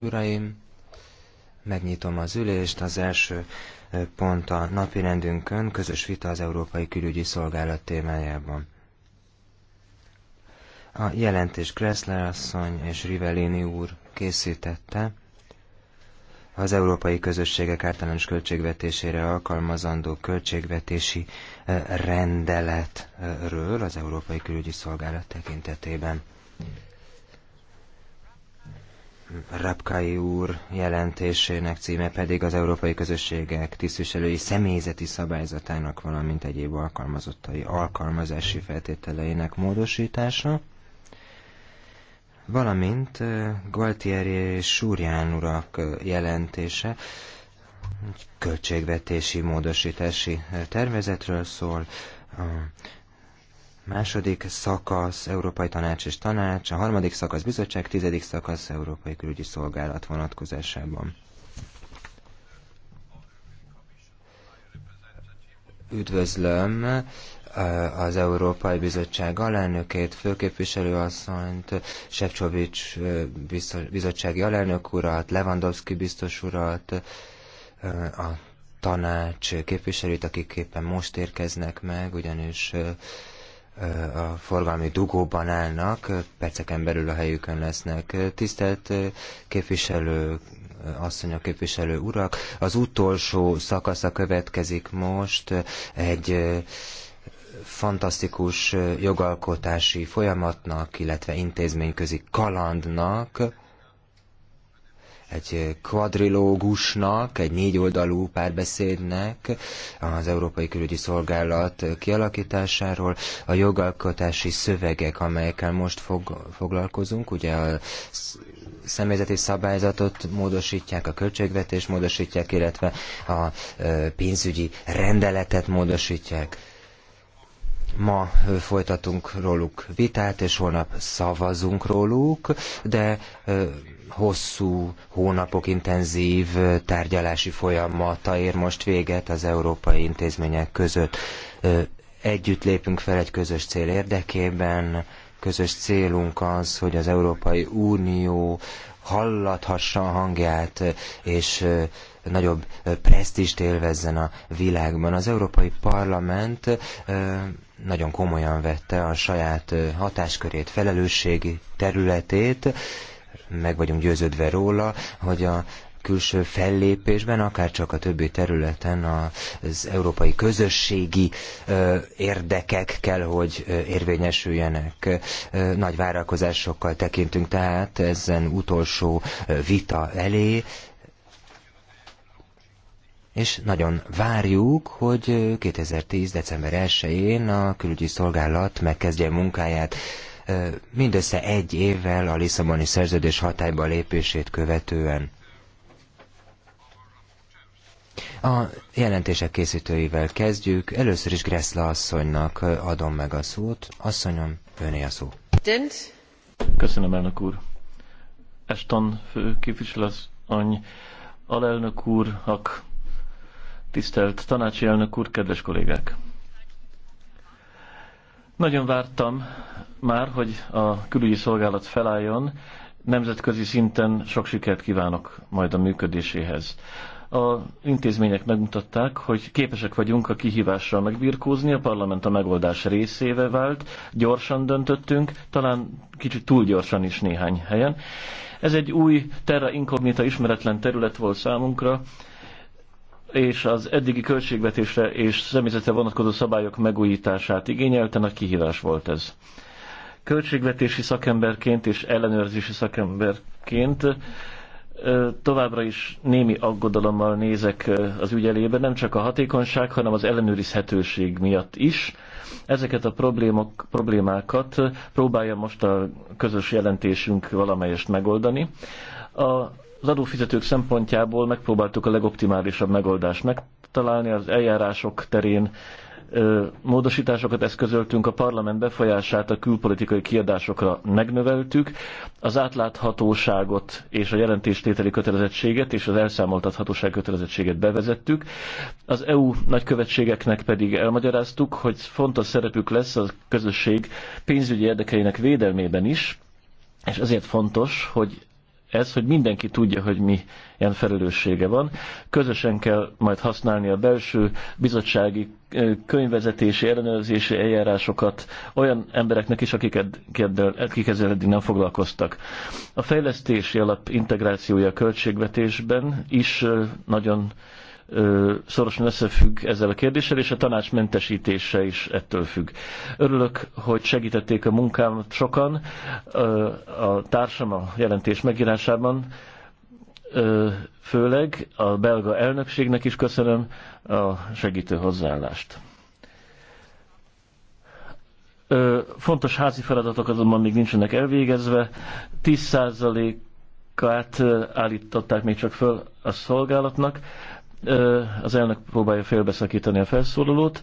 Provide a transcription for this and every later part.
Uraim, megnyitom az ülést, az első eh, pont a napi rendünkön, közös vita az Európai Külügyi Szolgálat témájában. A jelentés Kressler asszony és Rivellini úr készítette az Európai Közösségek általános költségvetésére alkalmazandó költségvetési eh, rendeletről az Európai Külügyi Szolgálat tekintetében. Rapkai úr jelentésének címe pedig az Európai Közösségek tisztviselői személyzeti szabályzatának, valamint egyéb alkalmazottai alkalmazási feltételeinek módosítása, valamint Gualtieri és Súrján urak jelentése, költségvetési módosítási tervezetről szól, a Második szakasz Európai Tanács és Tanács, a harmadik szakasz Bizottság, tizedik szakasz Európai Külügyi Szolgálat vonatkozásában. Üdvözlöm eh, az Európai Bizottság alelnökét, főképviselőasszonyt, Sefcsovics eh, bizottsági alelnök urat, Lewandowski biztos urat, eh, a tanács képviselőt, akik éppen most érkeznek meg, ugyanis a forgalmi dugóban állnak, perceken belül a helyükön lesznek. Tisztelt képviselő, asszonyok képviselő urak, az utolsó szakasza következik most egy fantasztikus jogalkotási folyamatnak, illetve intézményközi kalandnak, egy kvadrilógusnak, egy négyoldalú párbeszédnek az Európai Külügyi Szolgálat kialakításáról. A jogalkotási szövegek, amelyekkel most fog, foglalkozunk, ugye a személyzeti szabályzatot módosítják, a költségvetés módosítják, illetve a pénzügyi rendeletet módosítják. Ma folytatunk róluk vitát, és holnap szavazunk róluk, de hosszú hónapok intenzív tárgyalási folyamata ér most véget az európai intézmények között. Együtt lépünk fel egy közös cél érdekében, közös célunk az, hogy az Európai Unió hallathassa a hangját, és nagyobb presztist élvezzen a világban. Az Európai Parlament nagyon komolyan vette a saját hatáskörét, felelősségi területét, meg vagyunk győződve róla, hogy a külső fellépésben, akár csak a többi területen az európai közösségi érdekek kell, hogy érvényesüljenek. Nagy várakozásokkal tekintünk tehát ezen utolsó vita elé, és nagyon várjuk, hogy 2010. december 1-én a külügyi szolgálat megkezdje munkáját mindössze egy évvel a Lisszaboni szerződés hatályba lépését követően. A jelentések készítőivel kezdjük. Először is Greszla asszonynak adom meg a szót. Asszonyom, öné a szó. Köszönöm, elnök úr. Eston főképviselőasszony, alelnök úrnak, tisztelt tanácsi elnök úr, kedves kollégák! Nagyon vártam már, hogy a külügyi szolgálat felálljon. Nemzetközi szinten sok sikert kívánok majd a működéséhez. A intézmények megmutatták, hogy képesek vagyunk a kihívással megbirkózni, a parlament a megoldás részéve vált, gyorsan döntöttünk, talán kicsit túl gyorsan is néhány helyen. Ez egy új terra incognita ismeretlen terület volt számunkra, és az eddigi költségvetésre és személyzetre vonatkozó szabályok megújítását igényelte, nagy kihívás volt ez. Költségvetési szakemberként és ellenőrzési szakemberként továbbra is némi aggodalommal nézek az ügyelébe, nem csak a hatékonyság, hanem az ellenőrizhetőség miatt is. Ezeket a problémok, problémákat próbálja most a közös jelentésünk valamelyest megoldani. A az adófizetők szempontjából megpróbáltuk a legoptimálisabb megoldást megtalálni az eljárások terén, módosításokat eszközöltünk, a parlament befolyását a külpolitikai kiadásokra megnöveltük, az átláthatóságot és a jelentéstételi kötelezettséget és az elszámoltathatóság kötelezettséget bevezettük. Az EU nagykövetségeknek pedig elmagyaráztuk, hogy fontos szerepük lesz a közösség pénzügyi érdekeinek védelmében is, és ezért fontos, hogy ez, hogy mindenki tudja, hogy mi ilyen felelőssége van. Közösen kell majd használni a belső bizottsági könyvezetési, ellenőrzési eljárásokat olyan embereknek is, akik akiket, akik ezzel eddig nem foglalkoztak. A fejlesztési alap integrációja a költségvetésben is nagyon szorosan összefügg ezzel a kérdéssel, és a tanács mentesítése is ettől függ. Örülök, hogy segítették a munkámat sokan a társam a jelentés megírásában, főleg a belga elnökségnek is köszönöm a segítő hozzáállást. Fontos házi feladatok azonban még nincsenek elvégezve. 10%-át állították még csak föl a szolgálatnak az elnök próbálja félbeszakítani a felszólalót.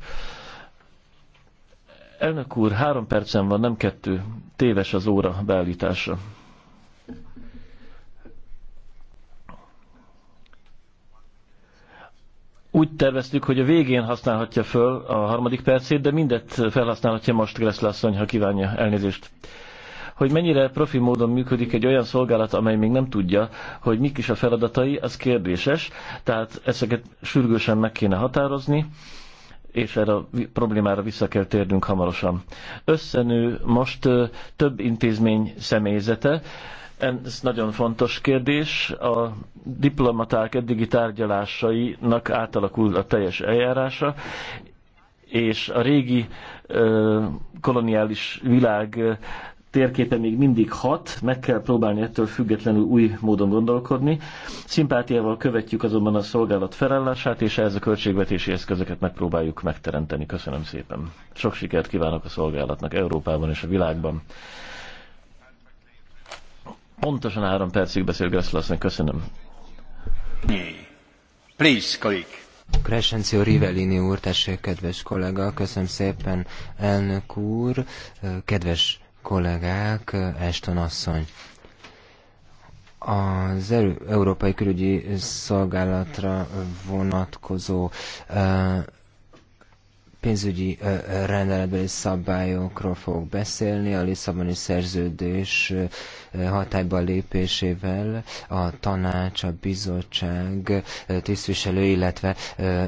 Elnök úr, három percen van, nem kettő. Téves az óra beállítása. Úgy terveztük, hogy a végén használhatja föl a harmadik percét, de mindet felhasználhatja most Greszlászony, ha kívánja elnézést. Hogy mennyire profi módon működik egy olyan szolgálat, amely még nem tudja, hogy mik is a feladatai, az kérdéses, tehát ezeket sürgősen meg kéne határozni és erre a problémára vissza kell térnünk hamarosan. Összenő most több intézmény személyzete, ez nagyon fontos kérdés. A diplomaták eddigi tárgyalásainak átalakul a teljes eljárása, és a régi ö, koloniális világ térképe még mindig hat, meg kell próbálni ettől függetlenül új módon gondolkodni. Szimpátiával követjük azonban a szolgálat felállását, és ehhez a költségvetési eszközöket megpróbáljuk megteremteni. Köszönöm szépen. Sok sikert kívánok a szolgálatnak Európában és a világban. Pontosan három percig beszél Gresslasnak. Köszönöm. Please, colleague. Crescencio Rivellini úr, tessék, kedves kollega, köszönöm szépen, elnök úr, kedves kollégák, Ashton asszony. Az Európai Külügyi Szolgálatra vonatkozó pénzügyi rendeletbeli szabályokról fogok beszélni. A Lisszaboni szerződés hatályba lépésével a tanács, a bizottság tisztviselő, illetve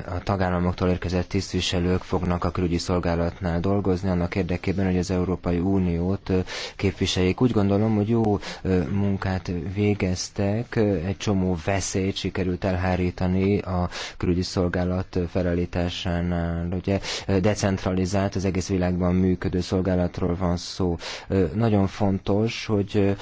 a tagállamoktól érkezett tisztviselők fognak a külügyi szolgálatnál dolgozni, annak érdekében, hogy az Európai Uniót képviseljék. Úgy gondolom, hogy jó munkát végeztek, egy csomó veszélyt sikerült elhárítani a külügyi szolgálat felállításánál. Ugye decentralizált, az egész világban működő szolgálatról van szó. Nagyon fontos, hogy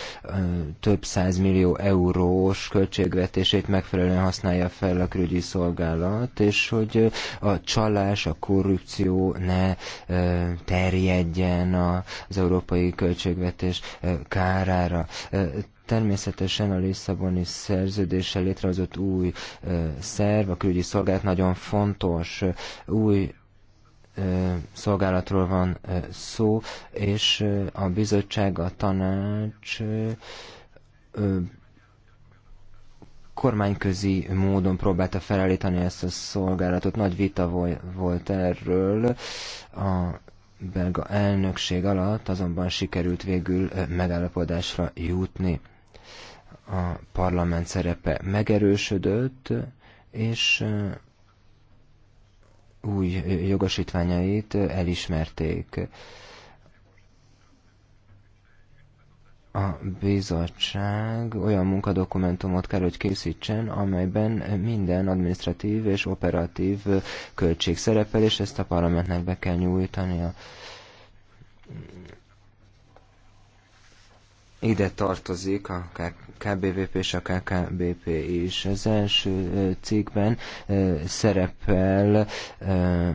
több millió eurós költségvetését megfelelően használja fel a külügyi szolgálat, és hogy a csalás, a korrupció ne terjedjen az európai költségvetés kárára. Természetesen a Lisszaboni szerződéssel létrehozott új szerv, a külügyi szolgálat nagyon fontos új szolgálatról van szó, és a bizottság, a tanács kormányközi módon próbálta felállítani ezt a szolgálatot. Nagy vita volt erről a belga elnökség alatt, azonban sikerült végül megállapodásra jutni. A parlament szerepe megerősödött, és új jogosítványait elismerték. a bizottság olyan munkadokumentumot kell, hogy készítsen, amelyben minden administratív és operatív költség szerepel, és ezt a parlamentnek be kell nyújtania. Ide tartozik a KBVP és a KKBP is. Az első cikkben szerepel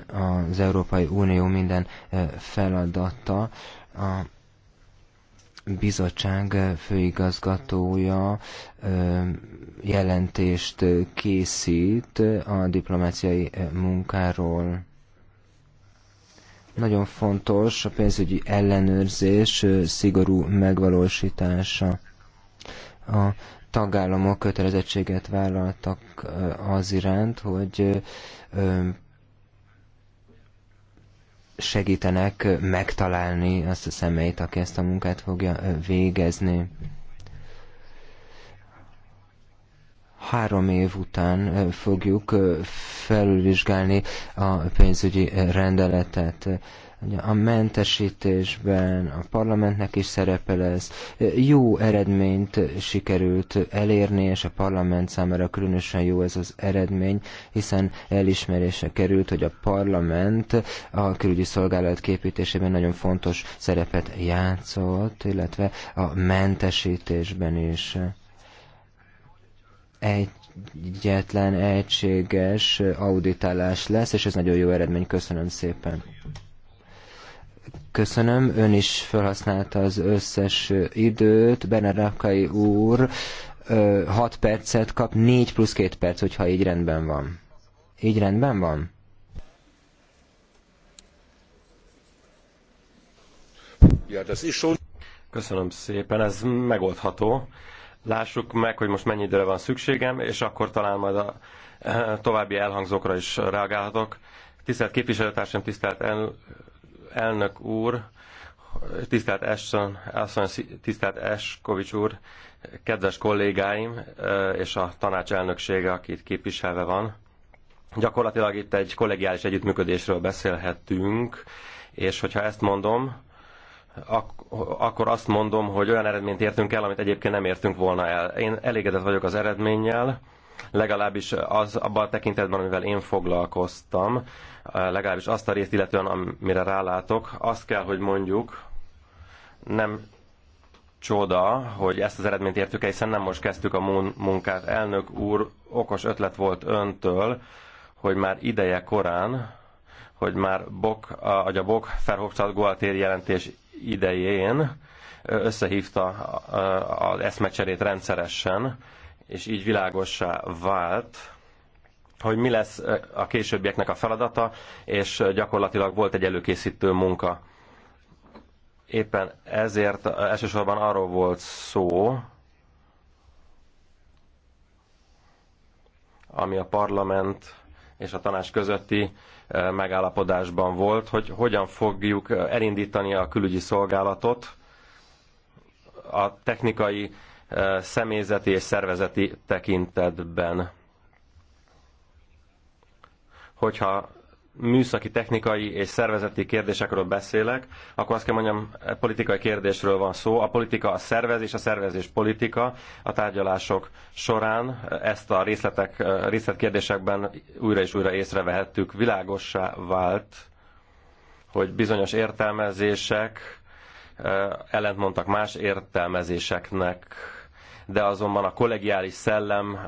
az Európai Unió minden feladata. A bizottság főigazgatója jelentést készít a diplomáciai munkáról nagyon fontos a pénzügyi ellenőrzés szigorú megvalósítása. A tagállamok kötelezettséget vállaltak az iránt, hogy segítenek megtalálni azt a személyt, aki ezt a munkát fogja végezni. három év után fogjuk felülvizsgálni a pénzügyi rendeletet. A mentesítésben a parlamentnek is szerepe lesz. Jó eredményt sikerült elérni, és a parlament számára különösen jó ez az eredmény, hiszen elismerése került, hogy a parlament a külügyi szolgálat képítésében nagyon fontos szerepet játszott, illetve a mentesítésben is egyetlen egységes auditálás lesz, és ez nagyon jó eredmény. Köszönöm szépen. Köszönöm, ön is felhasználta az összes időt. Bernard Rakai úr 6 percet kap, 4 plusz 2 perc, hogyha így rendben van. Így rendben van? Ja, das ist schon... Köszönöm szépen, ez megoldható lássuk meg, hogy most mennyi időre van szükségem, és akkor talán majd a eh, további elhangzókra is reagálhatok. Tisztelt képviselőtársam, tisztelt el, elnök úr, tisztelt Eszon, Eszon, tisztelt Eskovics úr, kedves kollégáim eh, és a tanács elnöksége, akit képviselve van. Gyakorlatilag itt egy kollegiális együttműködésről beszélhetünk, és hogyha ezt mondom, ak- akkor azt mondom, hogy olyan eredményt értünk el, amit egyébként nem értünk volna el. Én elégedett vagyok az eredménnyel, legalábbis az, abban a tekintetben, amivel én foglalkoztam, legalábbis azt a részt illetően, amire rálátok, azt kell, hogy mondjuk, nem csoda, hogy ezt az eredményt értük el, hiszen nem most kezdtük a munkát. Elnök úr, okos ötlet volt öntől, hogy már ideje korán, hogy már Bok, a, a Bok Ferhofstadt jelentés idején összehívta az eszmecserét rendszeresen, és így világosá vált, hogy mi lesz a későbbieknek a feladata, és gyakorlatilag volt egy előkészítő munka. Éppen ezért elsősorban arról volt szó, ami a parlament és a tanács közötti megállapodásban volt, hogy hogyan fogjuk elindítani a külügyi szolgálatot a technikai, e, személyzeti és szervezeti tekintetben. Hogyha műszaki, technikai és szervezeti kérdésekről beszélek, akkor azt kell mondjam, politikai kérdésről van szó. A politika a szervezés, a szervezés politika. A tárgyalások során ezt a részletek, részletkérdésekben újra és újra észrevehettük. Világossá vált, hogy bizonyos értelmezések ellentmondtak más értelmezéseknek, de azonban a kollegiális szellem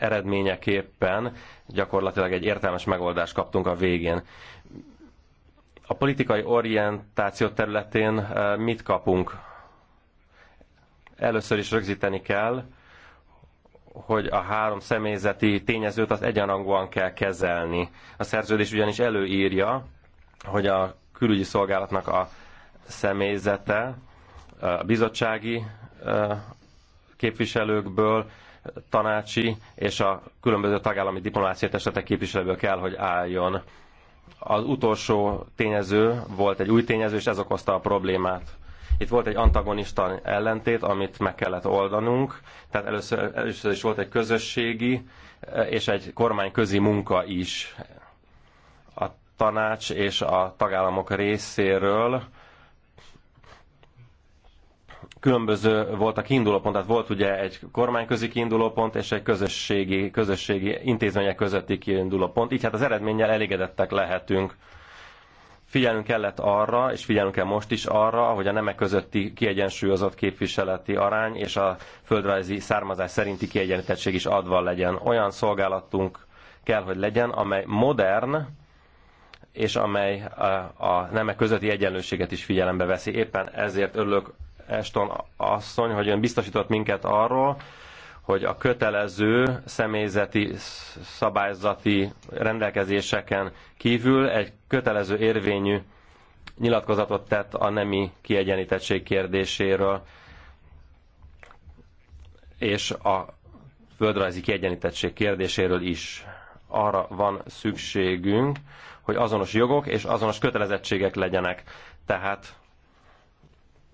eredményeképpen gyakorlatilag egy értelmes megoldást kaptunk a végén. A politikai orientáció területén eh, mit kapunk? Először is rögzíteni kell, hogy a három személyzeti tényezőt az egyenrangúan kell kezelni. A szerződés ugyanis előírja, hogy a külügyi szolgálatnak a személyzete a bizottsági eh, képviselőkből, tanácsi és a különböző tagállami diplomáciai testetek képviselőből kell, hogy álljon. Az utolsó tényező volt egy új tényező, és ez okozta a problémát. Itt volt egy antagonista ellentét, amit meg kellett oldanunk. Tehát először, először is volt egy közösségi eh, és egy kormányközi munka is. A tanács és a tagállamok részéről különböző voltak kiindulópont, tehát volt ugye egy kormányközi kiindulópont és egy közösségi, közösségi intézmények közötti kiindulópont, így hát az eredménnyel elégedettek lehetünk. Figyelnünk kellett arra, és figyelnünk kell most is arra, hogy a nemek közötti kiegyensúlyozott képviseleti arány és a földrajzi származás szerinti kiegyenlítettség is adva legyen. Olyan szolgálatunk kell, hogy legyen, amely modern, és amely a, eh, a nemek közötti egyenlőséget is figyelembe veszi. Éppen ezért örülök Ashton asszony, hogy ön biztosított minket arról, hogy a kötelező személyzeti szabályzati rendelkezéseken kívül egy kötelező érvényű nyilatkozatot tett a nemi kiegyenítettség kérdéséről és a földrajzi kiegyenítettség kérdéséről is. Arra van szükségünk, hogy azonos jogok és azonos kötelezettségek legyenek. Tehát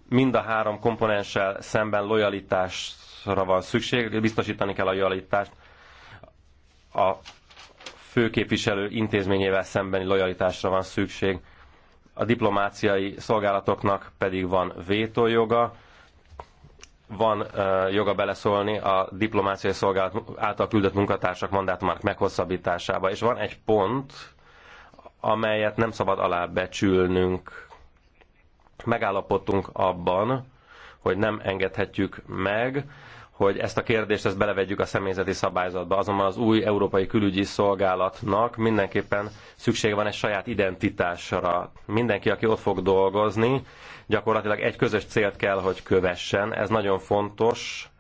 mind a három komponenssel szemben lojalitásra van szükség, biztosítani kell a lojalitást a főképviselő intézményével szembeni lojalitásra van szükség. A diplomáciai szolgálatoknak pedig van vétójoga, van uh, joga beleszólni a diplomáciai szolgálat által küldött munkatársak mandátumának meghosszabbításába, és van egy pont, amelyet nem szabad alábecsülnünk megállapodtunk abban, hogy nem engedhetjük meg, hogy ezt a kérdést ezt belevegyük a személyzeti szabályzatba. Azonban az új Európai Külügyi Szolgálatnak mindenképpen szüksége van egy saját identitásra. Mindenki, aki ott fog dolgozni, gyakorlatilag egy közös célt kell, hogy kövessen. Ez nagyon fontos.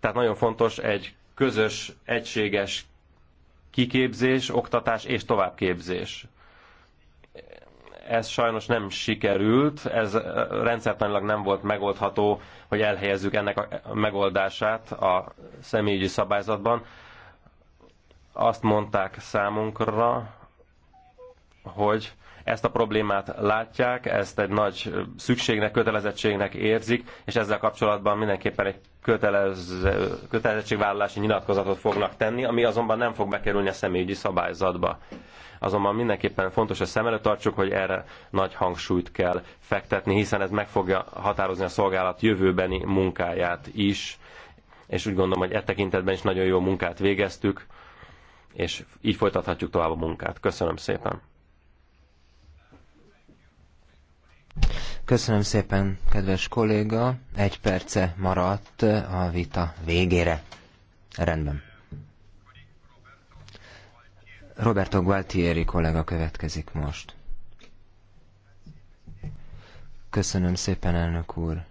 Tehát nagyon fontos egy közös, egységes kiképzés, oktatás és továbbképzés ez sajnos nem sikerült, ez rendszertanilag nem volt megoldható, hogy elhelyezzük ennek a megoldását a személyügyi szabályzatban. Azt mondták számunkra, hogy ezt a problémát látják, ezt egy nagy szükségnek, kötelezettségnek érzik, és ezzel kapcsolatban mindenképpen egy kötelez kötelezettségvállalási nyilatkozatot fognak tenni, ami azonban nem fog bekerülni a személyügyi szabályzatba azonban mindenképpen fontos, hogy szem előtt tartsuk, hogy erre nagy hangsúlyt kell fektetni, hiszen ez meg fogja határozni a szolgálat jövőbeni munkáját is, és úgy gondolom, hogy e tekintetben is nagyon jó munkát végeztük, és így folytathatjuk tovább a munkát. Köszönöm szépen! Köszönöm szépen, kedves kolléga. Egy perce maradt a vita végére. Rendben. Roberto Gualtieri kollega következik most. Köszönöm szépen, elnök úr.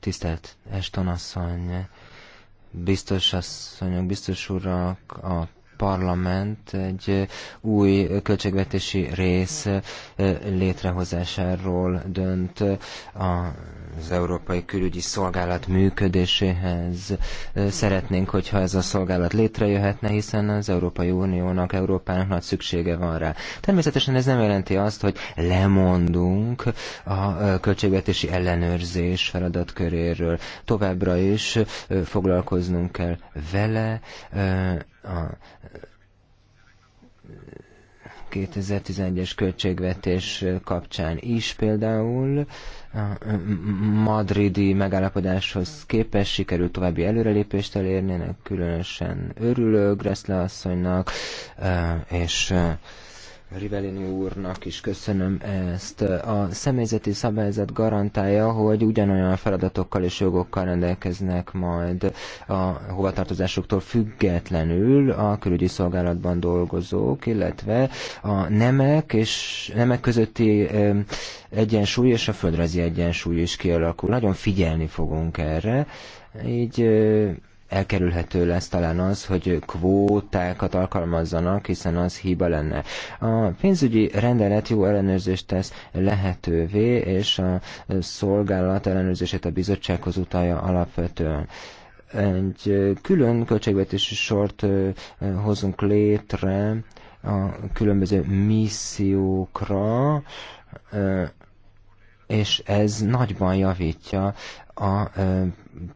Tisztelt Eston asszony, biztos asszonyok, biztos urak, a Parlament egy új költségvetési rész létrehozásáról dönt az Európai Külügyi Szolgálat működéséhez. Szeretnénk, hogyha ez a szolgálat létrejöhetne, hiszen az Európai Uniónak, Európának nagy szüksége van rá. Természetesen ez nem jelenti azt, hogy lemondunk a költségvetési ellenőrzés feladatköréről. Továbbra is foglalkoznunk kell vele, a 2011-es költségvetés kapcsán is például a madridi megállapodáshoz képes sikerült további előrelépést elérni, különösen örülök Greszle asszonynak, és Rivelini úrnak is köszönöm ezt. A személyzeti szabályzat garantálja, hogy ugyanolyan feladatokkal és jogokkal rendelkeznek majd a hovatartozásoktól függetlenül a külügyi szolgálatban dolgozók, illetve a nemek és nemek közötti egyensúly és a földrajzi egyensúly is kialakul. Nagyon figyelni fogunk erre. Így elkerülhető lesz talán az, hogy kvótákat alkalmazzanak, hiszen az hiba lenne. A pénzügyi rendelet jó ellenőrzést tesz lehetővé, és a szolgálat ellenőrzését a bizottsághoz utalja alapvetően egy külön költségvetési sort hozunk létre a különböző missziókra, és ez nagyban javítja a e,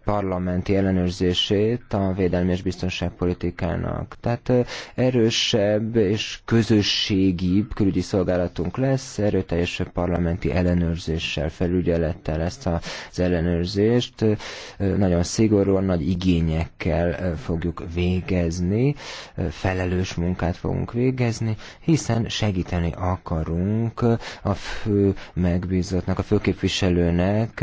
parlamenti ellenőrzését a védelmi és biztonságpolitikának. Tehát e, erősebb és közösségibb külügyi szolgálatunk lesz, erőteljesebb parlamenti ellenőrzéssel, felügyelettel ezt az ellenőrzést e, nagyon szigorúan, nagy igényekkel fogjuk végezni, felelős munkát fogunk végezni, hiszen segíteni akarunk a fő megbízottnak, a főképviselőnek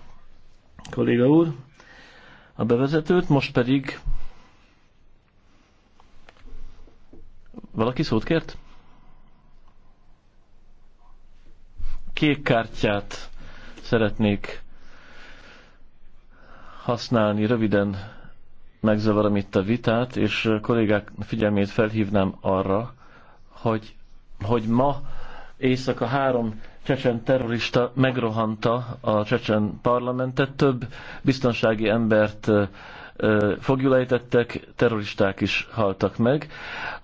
kolléga úr a bevezetőt, most pedig valaki szót kért? Kék kártyát szeretnék használni röviden megzavarom itt a vitát, és a kollégák figyelmét felhívnám arra, hogy, hogy ma éjszaka három csecsen terrorista megrohanta a csecsen parlamentet, több biztonsági embert fogjulejtettek, terroristák is haltak meg.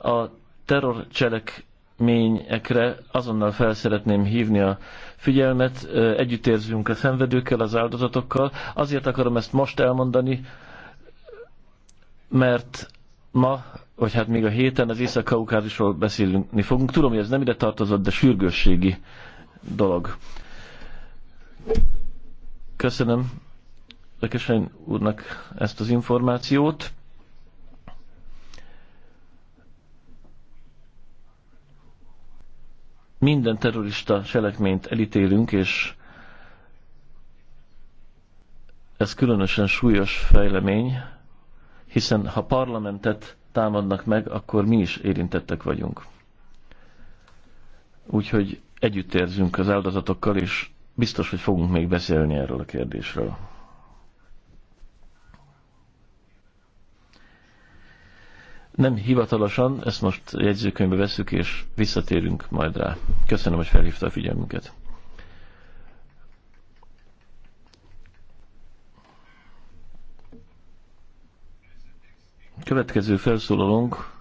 A terrorcselekményekre azonnal fel szeretném hívni a figyelmet, együttérzünk a szenvedőkkel, az áldozatokkal. Azért akarom ezt most elmondani, mert ma, vagy hát még a héten az Észak-Kaukázisról beszélni fogunk. Tudom, hogy ez nem ide tartozott, de sürgősségi dolog. Köszönöm Lökesen úrnak ezt az információt. Minden terrorista cselekményt elítélünk, és ez különösen súlyos fejlemény, hiszen ha parlamentet támadnak meg, akkor mi is érintettek vagyunk. Úgyhogy együttérzünk az áldozatokkal, és biztos, hogy fogunk még beszélni erről a kérdésről. Nem hivatalosan, ezt most jegyzőkönyvbe veszük, és visszatérünk majd rá. Köszönöm, hogy felhívta a figyelmünket. Következő felszólalónk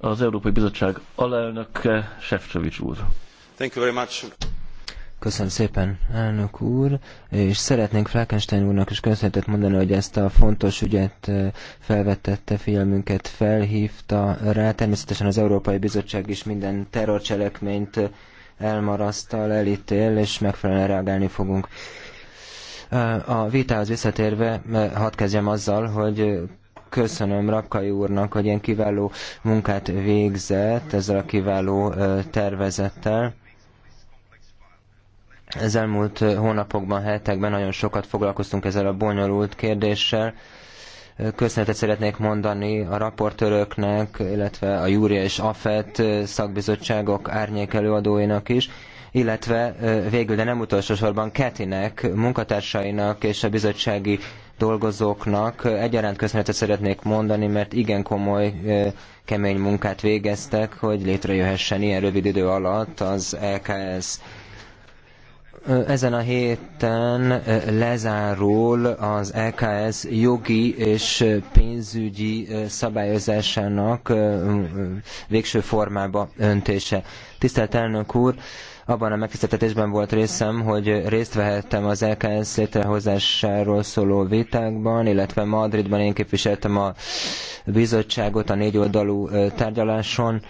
az Európai Bizottság alelnöke, Sefcsovics úr. Thank you very much. Köszönöm szépen, elnök úr, és szeretnénk Frankenstein úrnak is köszönetet mondani, hogy ezt a fontos ügyet felvetette, figyelmünket felhívta rá. Természetesen az Európai Bizottság is minden terrorcselekményt elmarasztal, elítél, és megfelelően reagálni fogunk. A vitához visszatérve hadd kezdjem azzal, hogy Köszönöm Rakai úrnak, hogy ilyen kiváló munkát végzett ezzel a kiváló tervezettel. Az elmúlt hónapokban, hetekben nagyon sokat foglalkoztunk ezzel a bonyolult kérdéssel. Köszönetet szeretnék mondani a raportöröknek, illetve a Júria és AFET szakbizottságok árnyék előadóinak is illetve végül, de nem utolsó sorban Ketinek, munkatársainak és a bizottsági dolgozóknak egyaránt köszönetet szeretnék mondani, mert igen komoly, kemény munkát végeztek, hogy létrejöhessen ilyen rövid idő alatt az LKS. Ezen a héten lezárul az LKS jogi és pénzügyi szabályozásának végső formába öntése. Tisztelt elnök úr, abban a megtiszteltetésben volt részem, hogy részt vehettem az LKS létrehozásáról szóló vitákban, illetve Madridban én képviseltem a bizottságot a négy oldalú tárgyaláson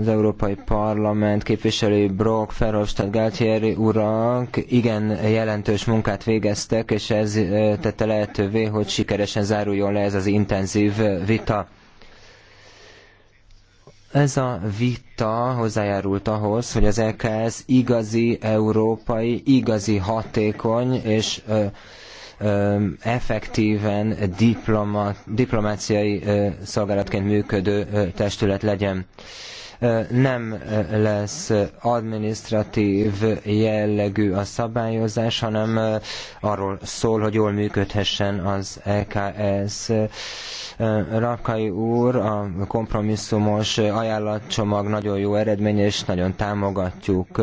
az Európai Parlament képviselői Brock, Ferhofstadt, Galtieri urak igen jelentős munkát végeztek, és ez tette lehetővé, hogy sikeresen záruljon le ez az intenzív vita. Ez a vita hozzájárult ahhoz, hogy az EKS igazi európai, igazi hatékony és ö, ö, effektíven diploma, diplomáciai ö, szolgálatként működő testület legyen nem lesz administratív jellegű a szabályozás, hanem arról szól, hogy jól működhessen az EKS. Rakai úr, a kompromisszumos ajánlatcsomag nagyon jó eredmény, és nagyon támogatjuk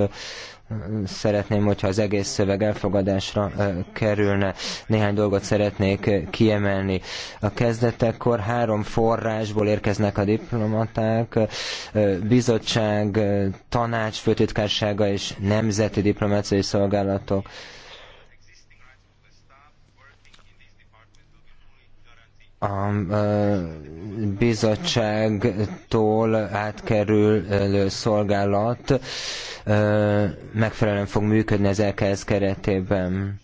szeretném, hogyha az egész szöveg elfogadásra kerülne. Néhány dolgot szeretnék kiemelni. A kezdetekkor három forrásból érkeznek a diplomaták, bizottság, tanács, főtitkársága és nemzeti diplomáciai szolgálatok a bizottságtól átkerülő szolgálat megfelelően fog működni az LKS keretében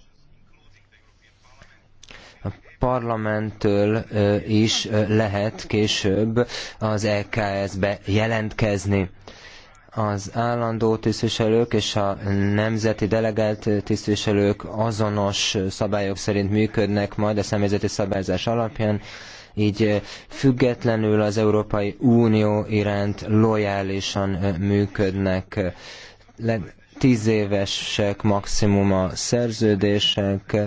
a parlamenttől is lehet később az EKS-be jelentkezni az állandó tisztviselők és a nemzeti delegált tisztviselők azonos szabályok szerint működnek majd a személyzeti szabályzás alapján, így függetlenül az Európai Unió iránt lojálisan működnek. Tíz évesek maximum a szerződések,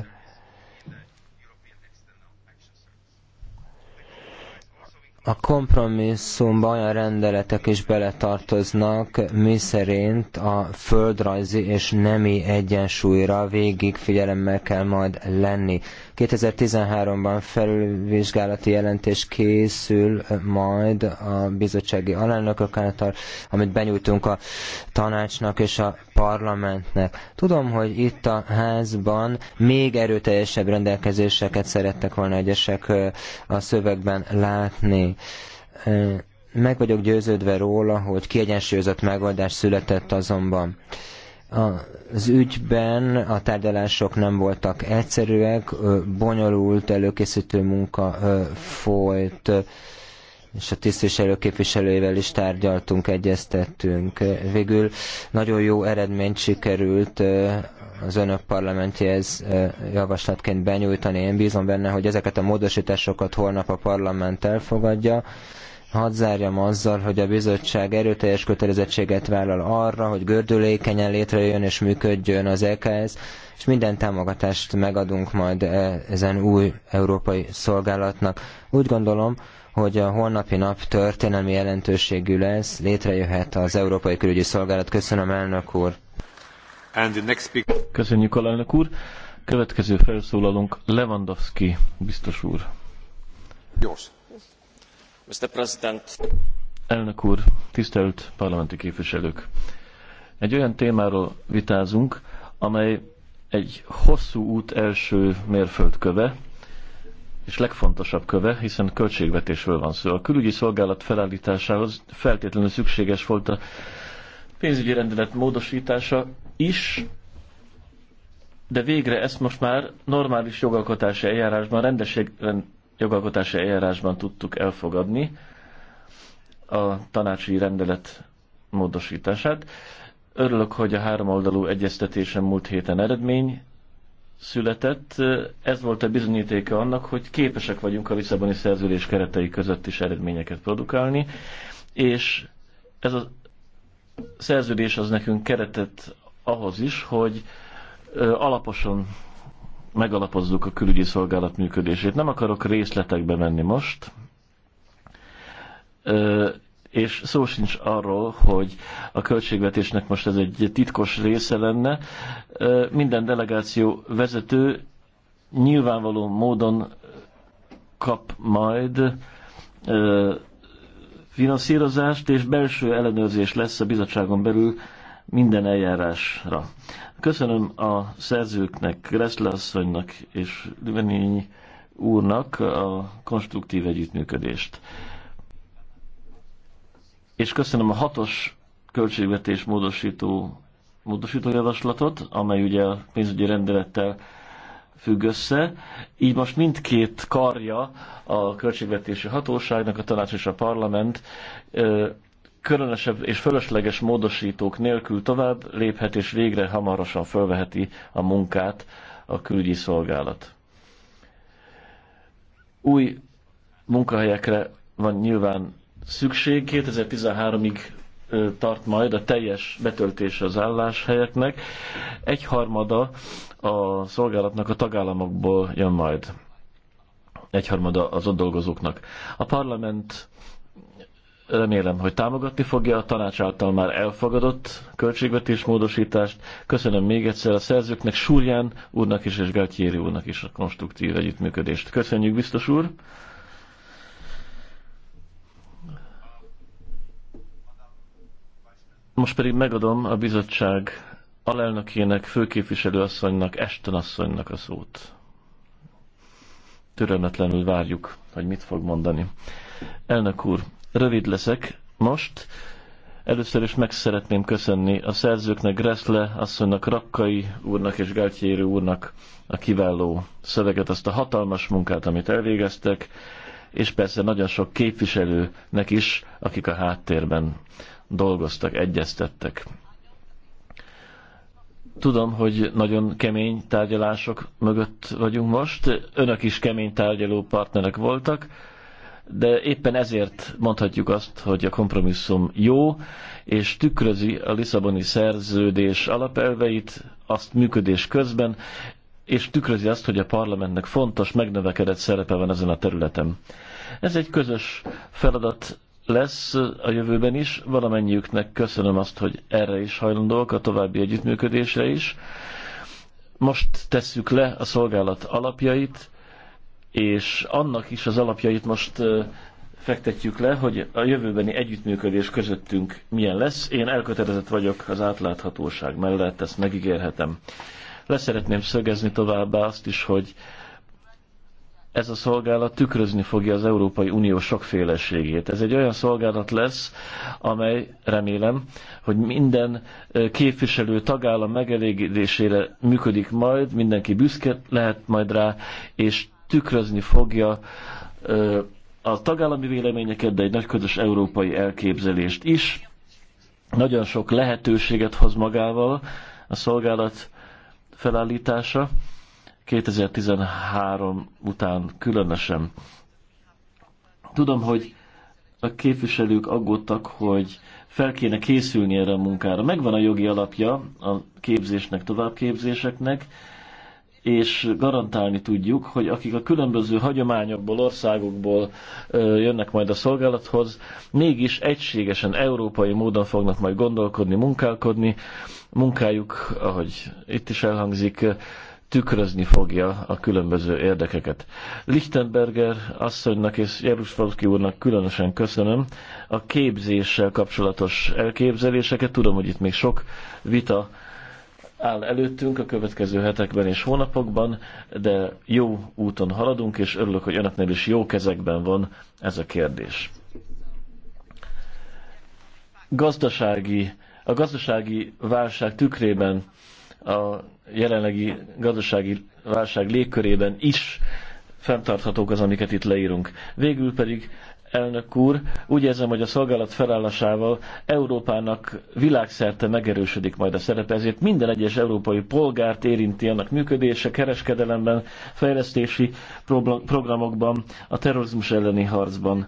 a kompromisszumba olyan rendeletek is beletartoznak, miszerint a földrajzi és nemi egyensúlyra végig figyelemmel kell majd lenni. 2013-ban felülvizsgálati jelentés készül majd a bizottsági alelnökök által, amit benyújtunk a tanácsnak és a parlamentnek. Tudom, hogy itt a házban még erőteljesebb rendelkezéseket szerettek volna egyesek a szövegben látni meg vagyok győződve róla, hogy kiegyensúlyozott megoldás született azonban. Az ügyben a tárgyalások nem voltak egyszerűek, bonyolult előkészítő munka folyt, és a tisztviselő képviselőivel is tárgyaltunk, egyeztettünk. Végül nagyon jó eredményt sikerült az önök parlamentjéhez javaslatként benyújtani. Én bízom benne, hogy ezeket a módosításokat holnap a parlament elfogadja Hadd zárjam azzal, hogy a bizottság erőteljes kötelezettséget vállal arra, hogy gördülékenyen létrejön és működjön az EKS, és minden támogatást megadunk majd e- ezen új európai szolgálatnak. Úgy gondolom, hogy a holnapi nap történelmi jelentőségű lesz, létrejöhet az Európai Külügyi Szolgálat. Köszönöm, elnök úr! Köszönjük, alelnök úr! Következő felszólalunk Lewandowski biztos úr. Gyors. Elnök úr, tisztelt parlamenti képviselők! Egy olyan témáról vitázunk, amely egy hosszú út első mérföldköve, és legfontosabb köve, hiszen költségvetésről van szó. A külügyi szolgálat felállításához feltétlenül szükséges volt a pénzügyi rendelet módosítása is, de végre ezt most már normális jogalkotási eljárásban, rendesség, jogalkotási eljárásban tudtuk elfogadni a tanácsi rendelet módosítását. Örülök, hogy a háromoldalú egyeztetésen múlt héten eredmény született. Ez volt a bizonyítéka annak, hogy képesek vagyunk a Lisszaboni szerződés keretei között is eredményeket produkálni, és ez a szerződés az nekünk keretet ahhoz is, hogy alaposan megalapozzuk a külügyi szolgálat működését. Nem akarok részletekbe menni most, és szó sincs arról, hogy a költségvetésnek most ez egy titkos része lenne. Minden delegáció vezető nyilvánvaló módon kap majd finanszírozást, és belső ellenőrzés lesz a bizottságon belül minden eljárásra. Köszönöm a szerzőknek, Kreszle asszonynak és Lüvenényi úrnak a konstruktív együttműködést. És köszönöm a hatos költségvetés módosító, módosító javaslatot, amely ugye a pénzügyi rendelettel függ össze. Így most mindkét karja a költségvetési hatóságnak, a tanács és a parlament különösebb és fölösleges módosítók nélkül tovább léphet és végre hamarosan fölveheti a munkát a külügyi szolgálat. Új munkahelyekre van nyilván szükség, 2013-ig tart majd a teljes betöltése az álláshelyeknek. Egyharmada a szolgálatnak a tagállamokból jön majd. Egyharmada az ott dolgozóknak. A parlament remélem, hogy támogatni fogja a tanács által már elfogadott költségvetésmódosítást. Köszönöm még egyszer a szerzőknek, Súrján úrnak is és Gáltyéri úrnak is a konstruktív együttműködést. Köszönjük, biztos úr! Most pedig megadom a bizottság alelnökének, főképviselőasszonynak, asszonynak, a szót. Türelmetlenül várjuk, hogy mit fog mondani. Elnök úr, Rövid leszek most. Először is meg szeretném köszönni a szerzőknek, Gressle asszonynak, Rakkai úrnak és Gáltyérő úrnak a kiváló szöveget, azt a hatalmas munkát, amit elvégeztek, és persze nagyon sok képviselőnek is, akik a háttérben dolgoztak, egyeztettek. Tudom, hogy nagyon kemény tárgyalások mögött vagyunk most. Önök is kemény tárgyaló partnerek voltak, de éppen ezért mondhatjuk azt, hogy a kompromisszum jó, és tükrözi a Lisszaboni szerződés alapelveit, azt működés közben, és tükrözi azt, hogy a parlamentnek fontos, megnövekedett szerepe van ezen a területen. Ez egy közös feladat lesz a jövőben is, valamennyiüknek köszönöm azt, hogy erre is hajlandóak, a további együttműködésre is. Most tesszük le a szolgálat alapjait, és annak is az alapjait most fektetjük le, hogy a jövőbeni együttműködés közöttünk milyen lesz. Én elkötelezett vagyok az átláthatóság mellett, ezt megígérhetem. Leszeretném szögezni továbbá azt is, hogy ez a szolgálat tükrözni fogja az Európai Unió sokféleségét. Ez egy olyan szolgálat lesz, amely remélem, hogy minden képviselő tagállam megelégedésére működik majd, mindenki büszke lehet majd rá, és tükrözni fogja a tagállami véleményeket, de egy nagy közös európai elképzelést is. Nagyon sok lehetőséget hoz magával a szolgálat felállítása, 2013 után különösen. Tudom, hogy a képviselők aggódtak, hogy fel kéne készülni erre a munkára. Megvan a jogi alapja a képzésnek, továbbképzéseknek, és garantálni tudjuk, hogy akik a különböző hagyományokból, országokból jönnek majd a szolgálathoz, mégis egységesen, európai módon fognak majd gondolkodni, munkálkodni. Munkájuk, ahogy itt is elhangzik, tükrözni fogja a különböző érdekeket. Lichtenberger asszonynak és Jerusfalski úrnak különösen köszönöm a képzéssel kapcsolatos elképzeléseket. Tudom, hogy itt még sok vita áll előttünk a következő hetekben és hónapokban, de jó úton haladunk, és örülök, hogy önöknél is jó kezekben van ez a kérdés. Gazdasági, a gazdasági válság tükrében, a jelenlegi gazdasági válság légkörében is fenntarthatók az, amiket itt leírunk. Végül pedig elnök úr, úgy érzem, hogy a szolgálat felállásával Európának világszerte megerősödik majd a szerepe, ezért minden egyes európai polgárt érinti annak működése, kereskedelemben, fejlesztési programokban, a terrorizmus elleni harcban.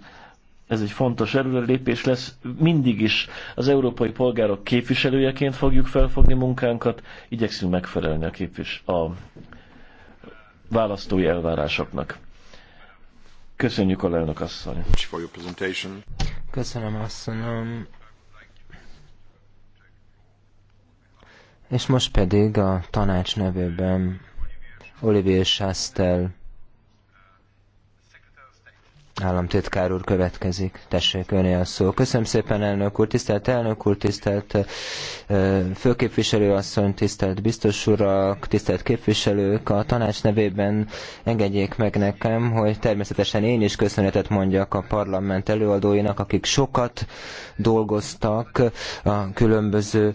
Ez egy fontos előrelépés lesz. Mindig is az európai polgárok képviselőjeként fogjuk felfogni munkánkat, igyekszünk megfelelni a, képvis- a választói elvárásoknak. Köszönjük a lelnök asszony. Köszönöm asszonyom. És most pedig a tanács nevében Olivier Chastel Államtitkár úr következik. Tessék, öné a szó. Köszönöm szépen, elnök úr, tisztelt elnök úr, tisztelt főképviselő asszony, tisztelt biztos urak, tisztelt képviselők. A tanács nevében engedjék meg nekem, hogy természetesen én is köszönetet mondjak a parlament előadóinak, akik sokat dolgoztak a különböző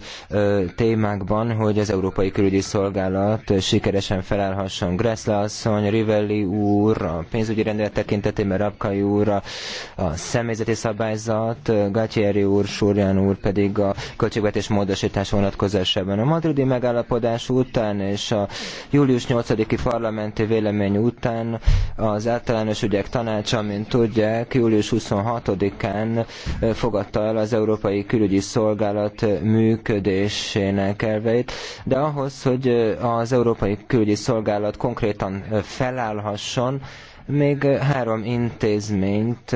témákban, hogy az Európai Külügyi Szolgálat sikeresen felállhasson. Gressle asszony, Rivelli úr, a pénzügyi rendelet tekintetében Rabka Rapkai úr a, a személyzeti szabályzat, Gatieri úr, Súrján úr pedig a költségvetés módosítás vonatkozásában. A madridi megállapodás után és a július 8-i parlamenti vélemény után az általános ügyek tanácsa, mint tudják, július 26-án fogadta el az Európai Külügyi Szolgálat működésének elveit, de ahhoz, hogy az Európai Külügyi Szolgálat konkrétan felállhasson, még három intézményt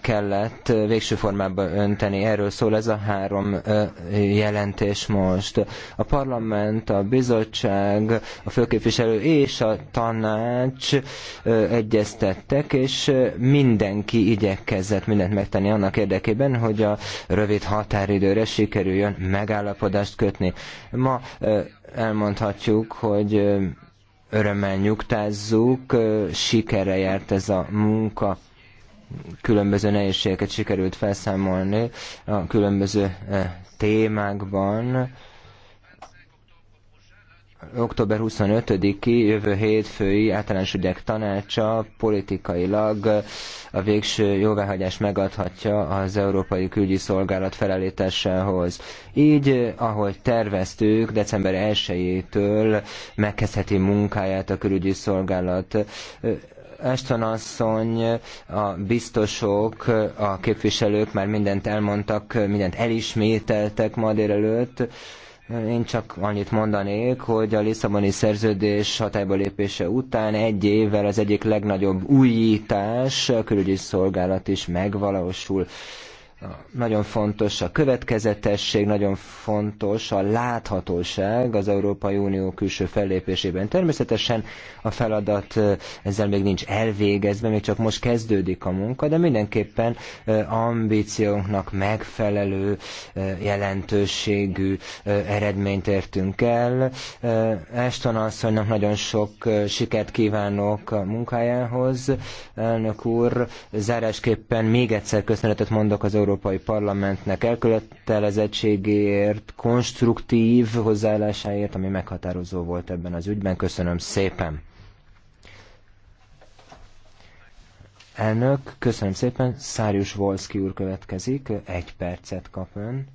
kellett végső formába önteni. Erről szól ez a három jelentés most. A parlament, a bizottság, a főképviselő és a tanács egyeztettek, és mindenki igyekezett mindent megtenni annak érdekében, hogy a rövid határidőre sikerüljön megállapodást kötni. Ma elmondhatjuk, hogy örömmel nyugtázzuk, sikere járt ez a munka különböző nehézségeket sikerült felszámolni a különböző témákban, október 25-i jövő hétfői általános ügyek tanácsa politikailag a végső jóváhagyás megadhatja az Európai Külügyi Szolgálat felállításához. Így, ahogy terveztük, december 1-től megkezdheti munkáját a külügyi szolgálat. Ashton asszony, a biztosok, a képviselők már mindent elmondtak, mindent elismételtek ma délelőtt. Én csak annyit mondanék, hogy a Lisszaboni szerződés hatályba lépése után egy évvel az egyik legnagyobb újítás, a külügyi szolgálat is megvalósul. Nagyon fontos a következetesség, nagyon fontos a láthatóság az Európai Unió külső fellépésében. Természetesen a feladat ezzel még nincs elvégezve, még csak most kezdődik a munka, de mindenképpen ambíciónknak megfelelő jelentőségű eredményt értünk el. Eston asszonynak nagyon sok sikert kívánok a munkájához. Elnök úr, zárásképpen még egyszer köszönetet mondok az Európai Európai Parlamentnek elkötelezettségéért, konstruktív hozzáállásáért, ami meghatározó volt ebben az ügyben. Köszönöm szépen! Elnök, köszönöm szépen. Szárius Volszki úr következik. Egy percet kap ön.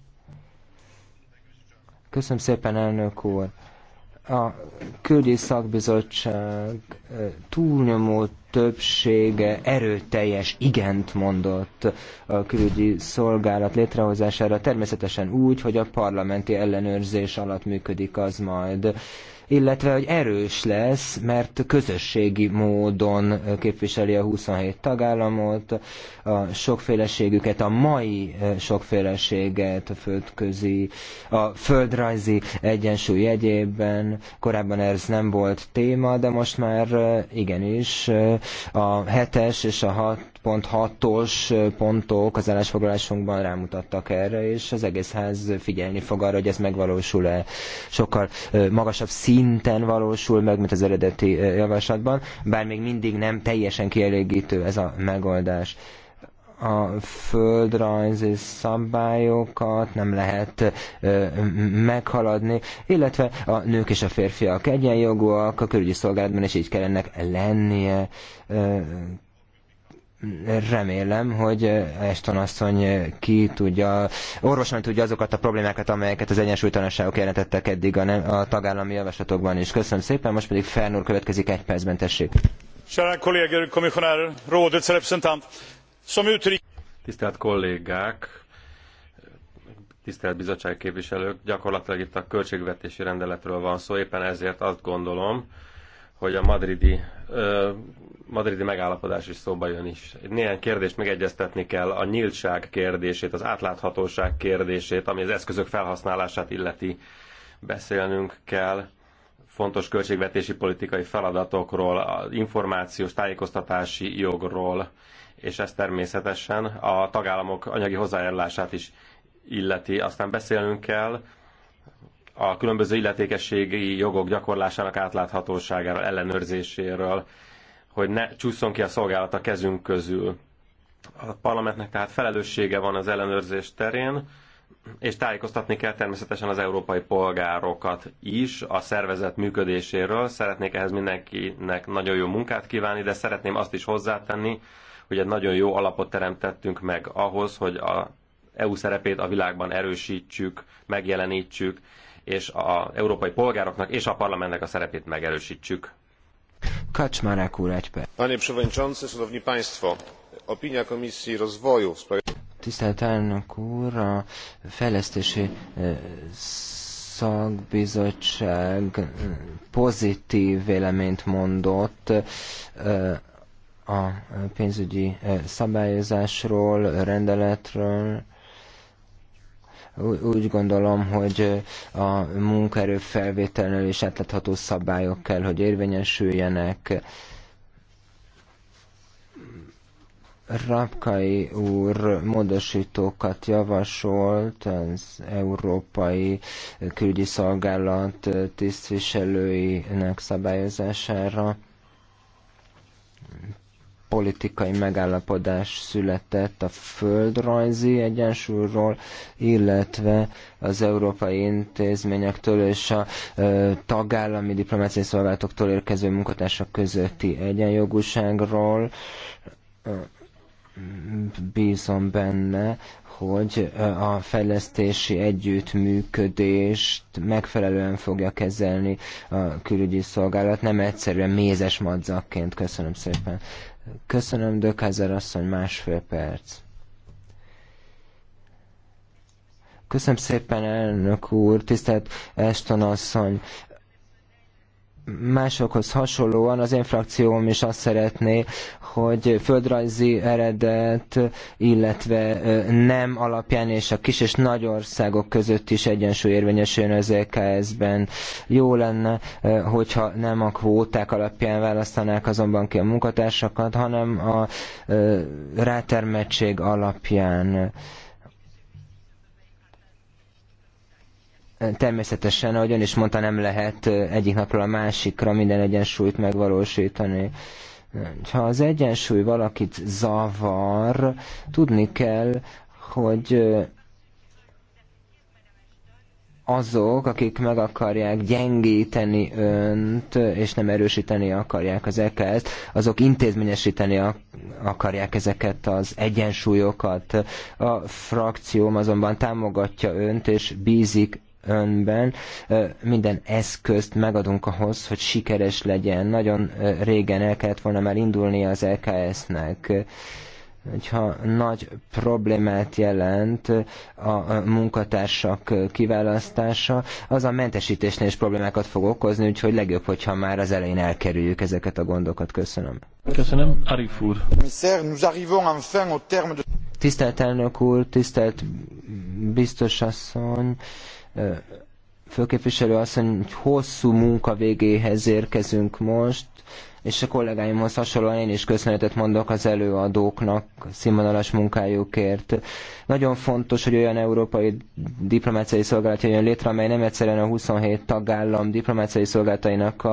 Köszönöm szépen, elnök úr a Ködi szakbizottság eh, túlnyomó többsége erőteljes igent mondott a külügyi szolgálat létrehozására, természetesen úgy, hogy a parlamenti ellenőrzés alatt működik az majd illetve hogy erős lesz, mert közösségi módon képviseli a 27 tagállamot, a sokféleségüket, a mai eh, sokféleséget, a földközi, a földrajzi egyensúly jegyében. Korábban ez nem volt téma, de most már eh, igenis eh, a hetes és a hat 6.6-os pontok az állásfoglalásunkban rámutattak erre, és az egész ház figyelni fog arra, hogy ez megvalósul-e sokkal magasabb szinten valósul meg, mint az eredeti javaslatban, bár még mindig nem teljesen kielégítő ez a megoldás a földrajzi szabályokat nem lehet ö, meghaladni, illetve a nők és a férfiak egyenjogúak, a körügyi szolgálatban is így kellene lennie. Ö, remélem, hogy Eston eh, asszony eh, ki tudja, orvosan tudja azokat a problémákat, amelyeket az egyensúlytalanságok jelentettek eddig a, a tagállami javaslatokban is. Köszönöm szépen, most pedig Fernur következik egy percben, tessék. Tisztelt kollégák, tisztelt bizottsági képviselők, gyakorlatilag itt a költségvetési rendeletről van szó, éppen ezért azt gondolom, hogy a madridi ö, madridi megállapodás is szóba jön is. Néhány kérdést megegyeztetni kell, a nyíltság kérdését, az átláthatóság kérdését, ami az eszközök felhasználását illeti beszélnünk kell. Fontos költségvetési politikai feladatokról, az információs tájékoztatási jogról, és ez természetesen a tagállamok anyagi hozzájárulását is illeti. Aztán beszélnünk kell a különböző illetékességi jogok gyakorlásának átláthatóságáról, ellenőrzéséről, hogy ne csúszson ki a szolgálat a kezünk közül. A parlamentnek tehát felelőssége van az ellenőrzés terén, és tájékoztatni kell természetesen az európai polgárokat is a szervezet működéséről. Szeretnék ehhez mindenkinek nagyon jó munkát kívánni, de szeretném azt is hozzátenni, hogy egy nagyon jó alapot teremtettünk meg ahhoz, hogy a EU szerepét a világban erősítsük, megjelenítsük, és az európai polgároknak és a parlamentnek a szerepét megerősítsük. Kaczmarek úr, egy perc. Panie Przewodniczący, Szanowni Państwo, opinia Komisji Rozwoju w sprawie... Tisztelt elnök úr, a fejlesztési e, szakbizottság e, pozitív véleményt mondott e, a pénzügyi szabályozásról, rendeletről, úgy gondolom, hogy a munkaerő felvételnél is átlátható szabályok kell, hogy érvényesüljenek. Rapkai úr módosítókat javasolt az Európai Külügyi Szolgálat tisztviselőinek szabályozására politikai megállapodás született a földrajzi egyensúlyról, illetve az európai intézményektől és a ö, tagállami diplomáciai szolgálatoktól érkező munkatársak közötti egyenjogúságról. Bízom benne, hogy a fejlesztési együttműködést megfelelően fogja kezelni a külügyi szolgálat, nem egyszerűen mézes madzakként. Köszönöm szépen. Köszönöm, Dökázer asszony, másfél perc. Köszönöm szépen, elnök úr, tisztelt Eston asszony másokhoz hasonlóan az én frakcióm is azt szeretné, hogy földrajzi eredet, illetve nem alapján és a kis és nagy országok között is egyensúly érvényesüljön az EKS-ben. Jó lenne, hogyha nem a kvóták alapján választanák azonban ki a munkatársakat, hanem a rátermettség alapján. Természetesen, ahogy ön is mondta, nem lehet egyik napról a másikra minden egyensúlyt megvalósítani. Ha az egyensúly valakit zavar, tudni kell, hogy azok, akik meg akarják gyengíteni önt, és nem erősíteni akarják az azok intézményesíteni akarják ezeket az egyensúlyokat. A frakcióm azonban támogatja önt, és bízik önben minden eszközt megadunk ahhoz, hogy sikeres legyen. Nagyon régen el kellett volna már indulnia az LKS-nek e hogyha nagy problémát jelent a munkatársak kiválasztása, az a mentesítésnél is problémákat fog okozni, úgyhogy legjobb, hogyha már az elején elkerüljük ezeket a gondokat. Köszönöm. Köszönöm. Arif úr. Tisztelt elnök úr, tisztelt biztos asszony, főképviselő asszony, hogy hosszú munka végéhez érkezünk most, és a kollégáimhoz hasonlóan én is köszönetet mondok az előadóknak színvonalas munkájukért. Nagyon fontos, hogy olyan európai diplomáciai szolgálat jön létre, amely nem egyszerűen a 27 tagállam diplomáciai szolgálatainak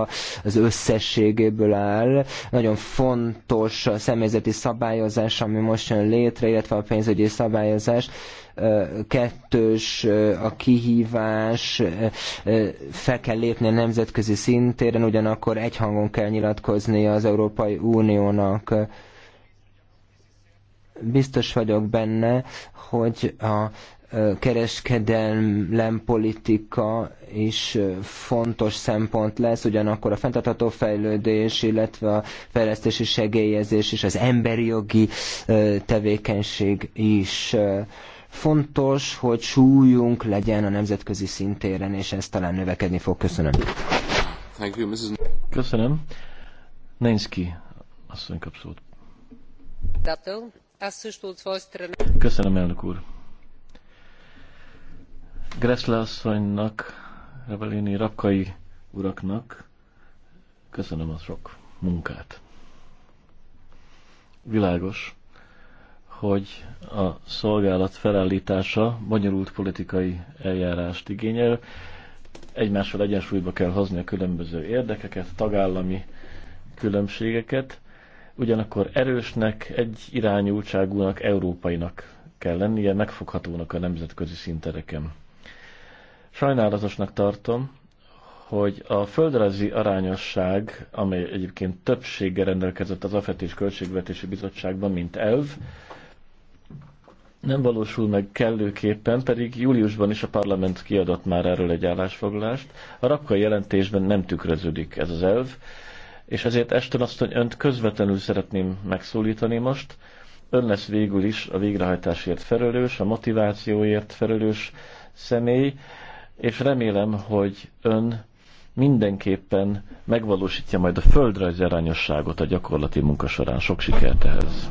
az összességéből áll. Nagyon fontos a személyzeti szabályozás, ami most jön létre, illetve a pénzügyi szabályozás kettős a kihívás, fel kell lépni a nemzetközi szintéren, ugyanakkor egyhangon kell nyilatkozni az Európai Uniónak biztos vagyok benne, hogy a kereskedelem politika is fontos szempont lesz, ugyanakkor a fenntartható fejlődés, illetve a fejlesztési segélyezés és az emberi jogi tevékenység is Fontos, hogy súlyunk legyen a nemzetközi szintéren, és ez talán növekedni fog. Köszönöm. Thank you, Mrs. Köszönöm. Nenszki asszony kap szót. Köszönöm, elnök úr. Gressle asszonynak, Revelini Rakai uraknak köszönöm a sok munkát. Világos, hogy a szolgálat felállítása bonyolult politikai eljárást igényel. Egymással egyensúlyba kell hozni a különböző érdekeket, tagállami különbségeket, ugyanakkor erősnek, egy irányultságúnak, európainak kell lennie, megfoghatónak a nemzetközi szintereken. Sajnálatosnak tartom, hogy a földrajzi arányosság, amely egyébként többséggel rendelkezett az AFET és Költségvetési Bizottságban, mint elv, nem valósul meg kellőképpen, pedig júliusban is a parlament kiadott már erről egy állásfoglalást. A rakkai jelentésben nem tükröződik ez az elv, és ezért Eston hogy önt közvetlenül szeretném megszólítani most. Ön lesz végül is a végrehajtásért felelős, a motivációért felelős személy, és remélem, hogy ön mindenképpen megvalósítja majd a földrajzi arányosságot a gyakorlati munka során. Sok sikert ehhez!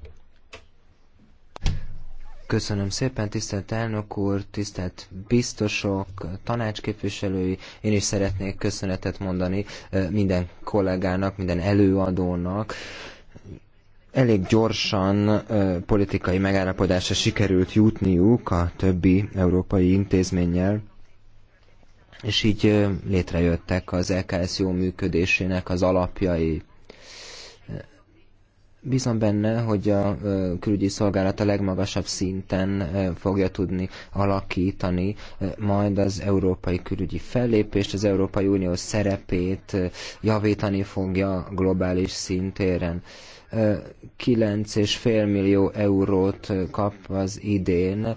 Köszönöm szépen, tisztelt elnök úr, tisztelt biztosok, tanácsképviselői. Én is szeretnék köszönetet mondani minden kollégának, minden előadónak. Elég gyorsan politikai megállapodásra sikerült jutniuk a többi európai intézménnyel, és így létrejöttek az LKS jó működésének az alapjai Bízom benne, hogy a külügyi szolgálat a legmagasabb szinten fogja tudni alakítani majd az európai külügyi fellépést, az Európai Unió szerepét javítani fogja globális szintéren. 9,5 millió eurót kap az idén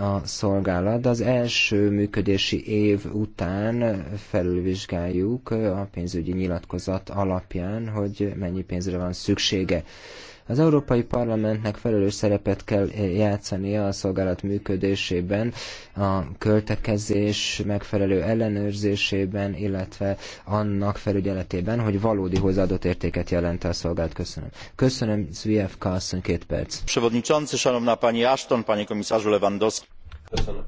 a szolgálat, az első működési év után felülvizsgáljuk a pénzügyi nyilatkozat alapján, hogy mennyi pénzre van szüksége. Az Európai Parlamentnek felelős szerepet kell eh, játszania a szolgálat működésében, a költekezés megfelelő ellenőrzésében, illetve annak felügyeletében, hogy valódi hozzáadott értéket jelent a szolgálat. Köszönöm. Köszönöm, Zvijev Karlsson, két perc. Przewodniczący, szanowna pani Ashton, panie komisarzu Lewandowski. Köszönöm.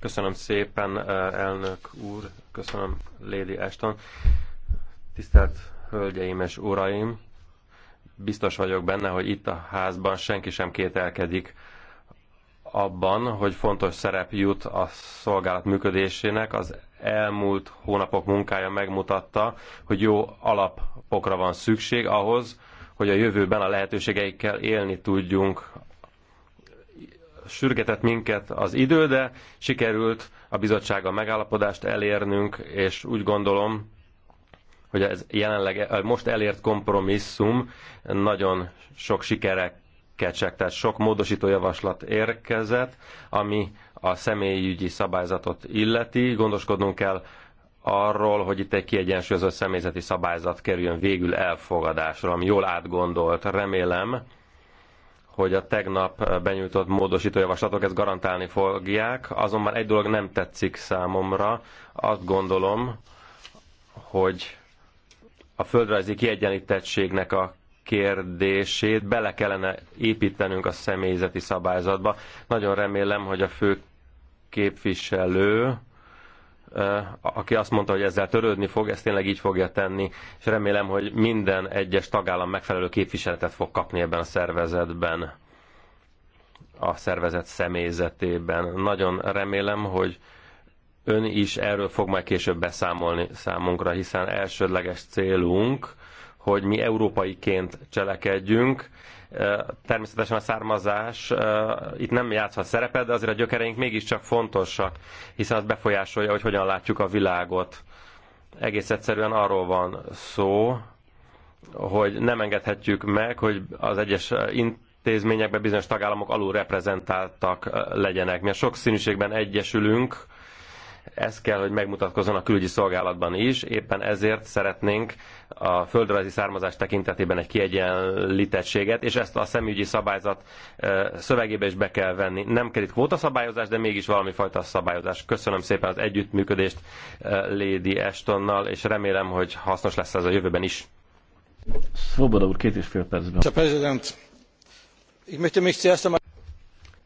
Köszönöm szépen, eh, elnök úr, köszönöm Lady Ashton. Tisztelt Hölgyeim és Uraim! biztos vagyok benne, hogy itt a házban senki sem kételkedik abban, hogy fontos szerep jut a szolgálat működésének. Az elmúlt hónapok munkája megmutatta, hogy jó alapokra van szükség ahhoz, hogy a jövőben a lehetőségeikkel élni tudjunk. Sürgetett minket az idő, de sikerült a bizottsággal megállapodást elérnünk, és úgy gondolom, hogy ez jelenleg eh, most elért kompromisszum nagyon sok sikerek kecsek, tehát sok módosító javaslat érkezett, ami a személyügyi szabályzatot illeti. Gondoskodnunk kell arról, hogy itt egy kiegyensúlyozott személyzeti szabályzat kerüljön végül elfogadásra, ami jól átgondolt. Remélem, hogy a tegnap benyújtott javaslatok ezt garantálni fogják, azonban egy dolog nem tetszik számomra. Azt gondolom, hogy a földrajzi kiegyenlítettségnek a kérdését bele kellene építenünk a személyzeti szabályzatba. Nagyon remélem, hogy a fő képviselő, aki azt mondta, hogy ezzel törődni fog, ezt tényleg így fogja tenni, és remélem, hogy minden egyes tagállam megfelelő képviseletet fog kapni ebben a szervezetben, a szervezet személyzetében. Nagyon remélem, hogy Ön is erről fog majd később beszámolni számunkra, hiszen elsődleges célunk, hogy mi európaiként cselekedjünk. Természetesen a származás itt nem játszhat szerepet, de azért a gyökereink mégiscsak fontosak, hiszen az befolyásolja, hogy hogyan látjuk a világot. Egész egyszerűen arról van szó, hogy nem engedhetjük meg, hogy az egyes intézményekben bizonyos tagállamok alul reprezentáltak legyenek. Mi a sokszínűségben egyesülünk, ez kell, hogy megmutatkozzon a külügyi szolgálatban is, éppen ezért szeretnénk a földrajzi származás tekintetében egy kiegyenlítettséget, és ezt a szemügyi szabályzat szövegébe is be kell venni. Nem kell itt kvótaszabályozás, de mégis valami fajta szabályozás. Köszönöm szépen az együttműködést Lady Ashtonnal, és remélem, hogy hasznos lesz ez a jövőben is. Svoboda úr, két és fél percben. Herr Präsident, ich möchte mich zuerst einmal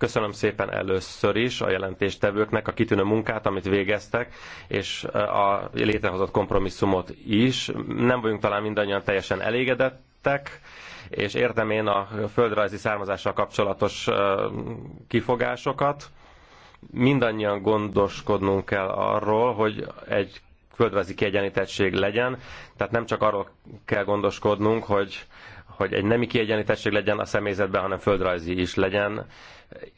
Köszönöm szépen először is a jelentéstevőknek a kitűnő munkát, amit végeztek, és eh, a létrehozott kompromisszumot is. Nem vagyunk talán mindannyian teljesen elégedettek, és értem én a földrajzi származással kapcsolatos eh, kifogásokat. Mindannyian gondoskodnunk kell arról, hogy egy földrajzi kiegyenlítettség legyen, tehát nem csak arról kell gondoskodnunk, hogy hogy egy nemi kiegyenlítettség legyen a személyzetben, hanem földrajzi is legyen,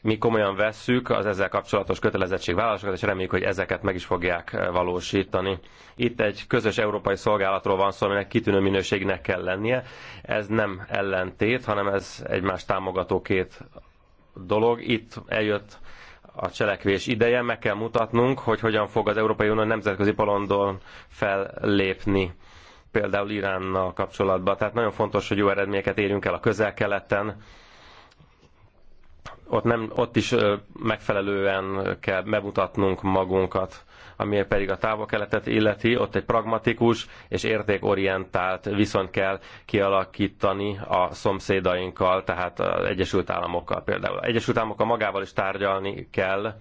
mi komolyan vesszük az ezzel kapcsolatos kötelezettségvállalásokat, és reméljük, hogy ezeket meg is fogják eh, valósítani. Itt egy közös európai szolgálatról van szó, aminek kitűnő minőségnek kell lennie. Ez nem ellentét, hanem ez egymás támogató két dolog. Itt eljött a cselekvés ideje, meg kell mutatnunk, hogy hogyan fog az Európai Unió nemzetközi palondon fellépni például Iránnal kapcsolatban. Tehát nagyon fontos, hogy jó eredményeket érjünk el a közel-keleten, ott, nem, ott is megfelelően kell bemutatnunk magunkat ami pedig a távokeletet illeti, ott egy pragmatikus és értékorientált viszont kell kialakítani a szomszédainkkal, tehát az Egyesült Államokkal például. Az Egyesült Államokkal magával is tárgyalni kell,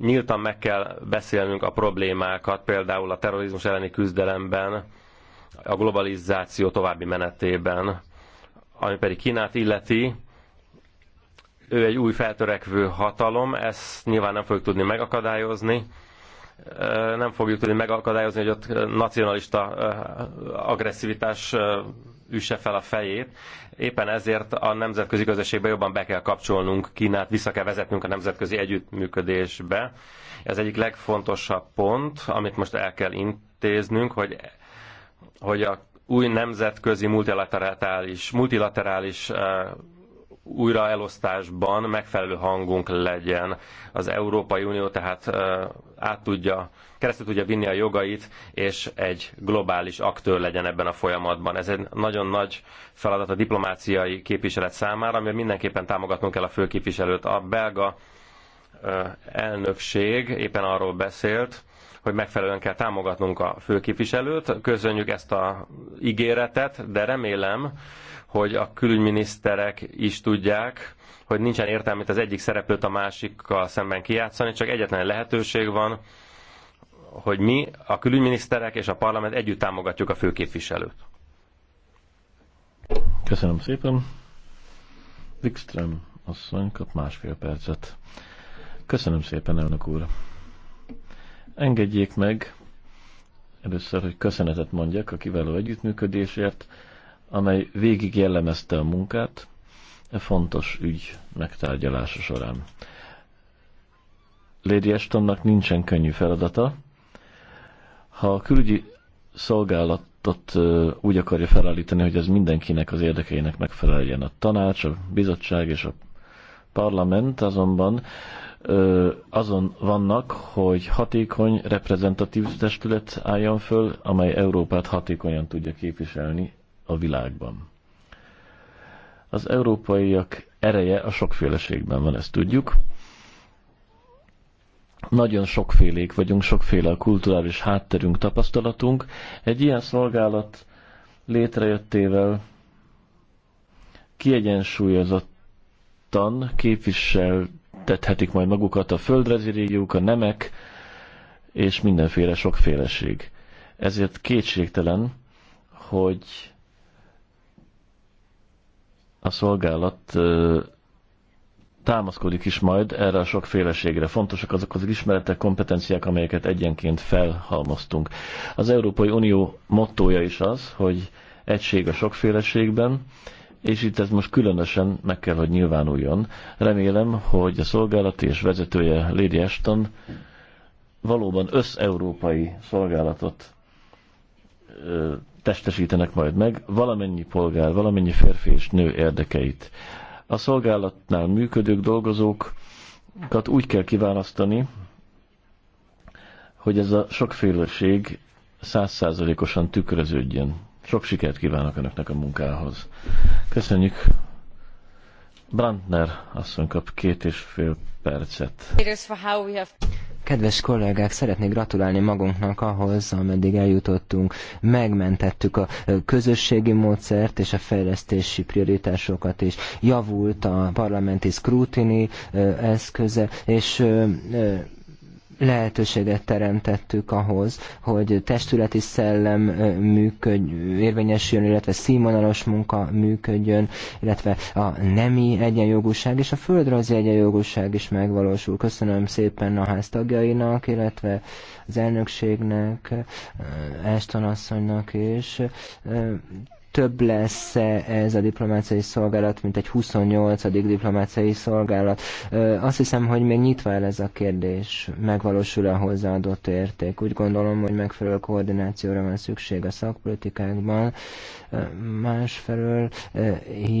nyíltan meg kell beszélnünk a problémákat, például a terrorizmus elleni küzdelemben, a globalizáció további menetében, ami pedig Kínát illeti, ő egy új feltörekvő hatalom, ezt nyilván nem fogjuk tudni megakadályozni. Nem fogjuk tudni megakadályozni, hogy ott nacionalista agresszivitás üsse fel a fejét. Éppen ezért a nemzetközi közösségbe jobban be kell kapcsolnunk Kínát, vissza kell vezetnünk a nemzetközi együttműködésbe. Ez egyik legfontosabb pont, amit most el kell intéznünk, hogy, hogy a új nemzetközi multilaterális, multilaterális újraelosztásban megfelelő hangunk legyen. Az Európai Unió tehát át tudja, keresztül tudja vinni a jogait, és egy globális aktőr legyen ebben a folyamatban. Ez egy nagyon nagy feladat a diplomáciai képviselet számára, amivel mindenképpen támogatnunk kell a főképviselőt. A belga elnökség éppen arról beszélt, hogy megfelelően kell támogatnunk a főképviselőt. Köszönjük ezt a ígéretet, de remélem, hogy a külügyminiszterek is tudják, hogy nincsen értelme az egyik szereplőt a másikkal szemben kijátszani, csak egyetlen lehetőség van, hogy mi, a külügyminiszterek és a parlament együtt támogatjuk a főképviselőt. Köszönöm szépen. Wikström asszony kap másfél percet. Köszönöm szépen, elnök úr. Engedjék meg először, hogy köszönetet mondjak a kiváló együttműködésért, amely végig jellemezte a munkát e fontos ügy megtárgyalása során. Lady Estonnak nincsen könnyű feladata. Ha a külügyi szolgálatot úgy akarja felállítani, hogy ez mindenkinek az érdekeinek megfeleljen a tanács, a bizottság és a parlament azonban azon vannak, hogy hatékony, reprezentatív testület álljon föl, amely Európát hatékonyan tudja képviselni a világban. Az európaiak ereje a sokféleségben van, ezt tudjuk. Nagyon sokfélék vagyunk, sokféle a kulturális hátterünk, tapasztalatunk. Egy ilyen szolgálat létrejöttével kiegyensúlyozottan képvisel tethetik majd magukat a földrezi a nemek, és mindenféle sokféleség. Ezért kétségtelen, hogy a szolgálat támaszkodik is majd erre a sokféleségre. Fontosak azok az ismeretek, kompetenciák, amelyeket egyenként felhalmoztunk. Az Európai Unió mottója is az, hogy egység a sokféleségben, és itt ez most különösen meg kell, hogy nyilvánuljon. Remélem, hogy a szolgálati és vezetője Lady Ashton valóban összeurópai szolgálatot ö, testesítenek majd meg, valamennyi polgár, valamennyi férfi és nő érdekeit. A szolgálatnál működők, dolgozókat úgy kell kiválasztani, hogy ez a sokféleség százszázalékosan tükröződjön sok sikert kívánok Önöknek a munkához. Köszönjük. Brandner asszony kap két és fél percet. Kedves kollégák, szeretnék gratulálni magunknak ahhoz, ameddig eljutottunk. Megmentettük a közösségi módszert és a fejlesztési prioritásokat is. Javult a parlamenti scrutiny eszköze, és lehetőséget teremtettük ahhoz, hogy testületi szellem működj, érvényesüljön, illetve színvonalos munka működjön, illetve a nemi egyenjogúság és a földrajzi egyenjogúság is megvalósul. Köszönöm szépen a ház tagjainak, illetve az elnökségnek, Eston asszonynak és több lesz -e ez a diplomáciai szolgálat, mint egy 28. diplomáciai szolgálat. Azt hiszem, hogy még nyitva el ez a kérdés, megvalósul a hozzáadott érték. Úgy gondolom, hogy megfelelő koordinációra van szükség a szakpolitikákban, másfelől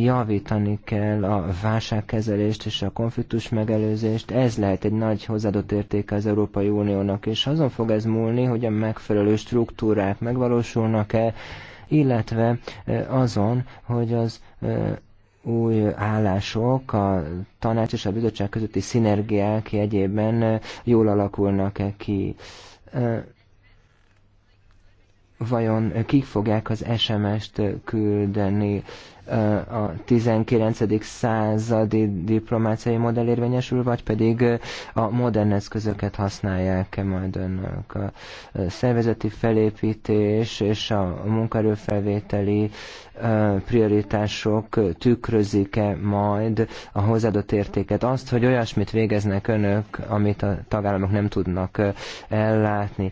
javítani kell a válságkezelést és a konfliktus megelőzést. Ez lehet egy nagy hozzáadott értéke az Európai Uniónak, és azon fog ez múlni, hogy a megfelelő struktúrák megvalósulnak-e, illetve azon, hogy az új állások, a tanács és a bizottság közötti szinergiák jegyében jól alakulnak-e ki. Vajon kik fogják az SMS-t küldeni? a 19. századi diplomáciai modell érvényesül, vagy pedig a modern eszközöket használják-e majd önök. A szervezeti felépítés és a munkaerőfelvételi prioritások tükrözik-e majd a hozzáadott értéket? Azt, hogy olyasmit végeznek önök, amit a tagállamok nem tudnak ellátni.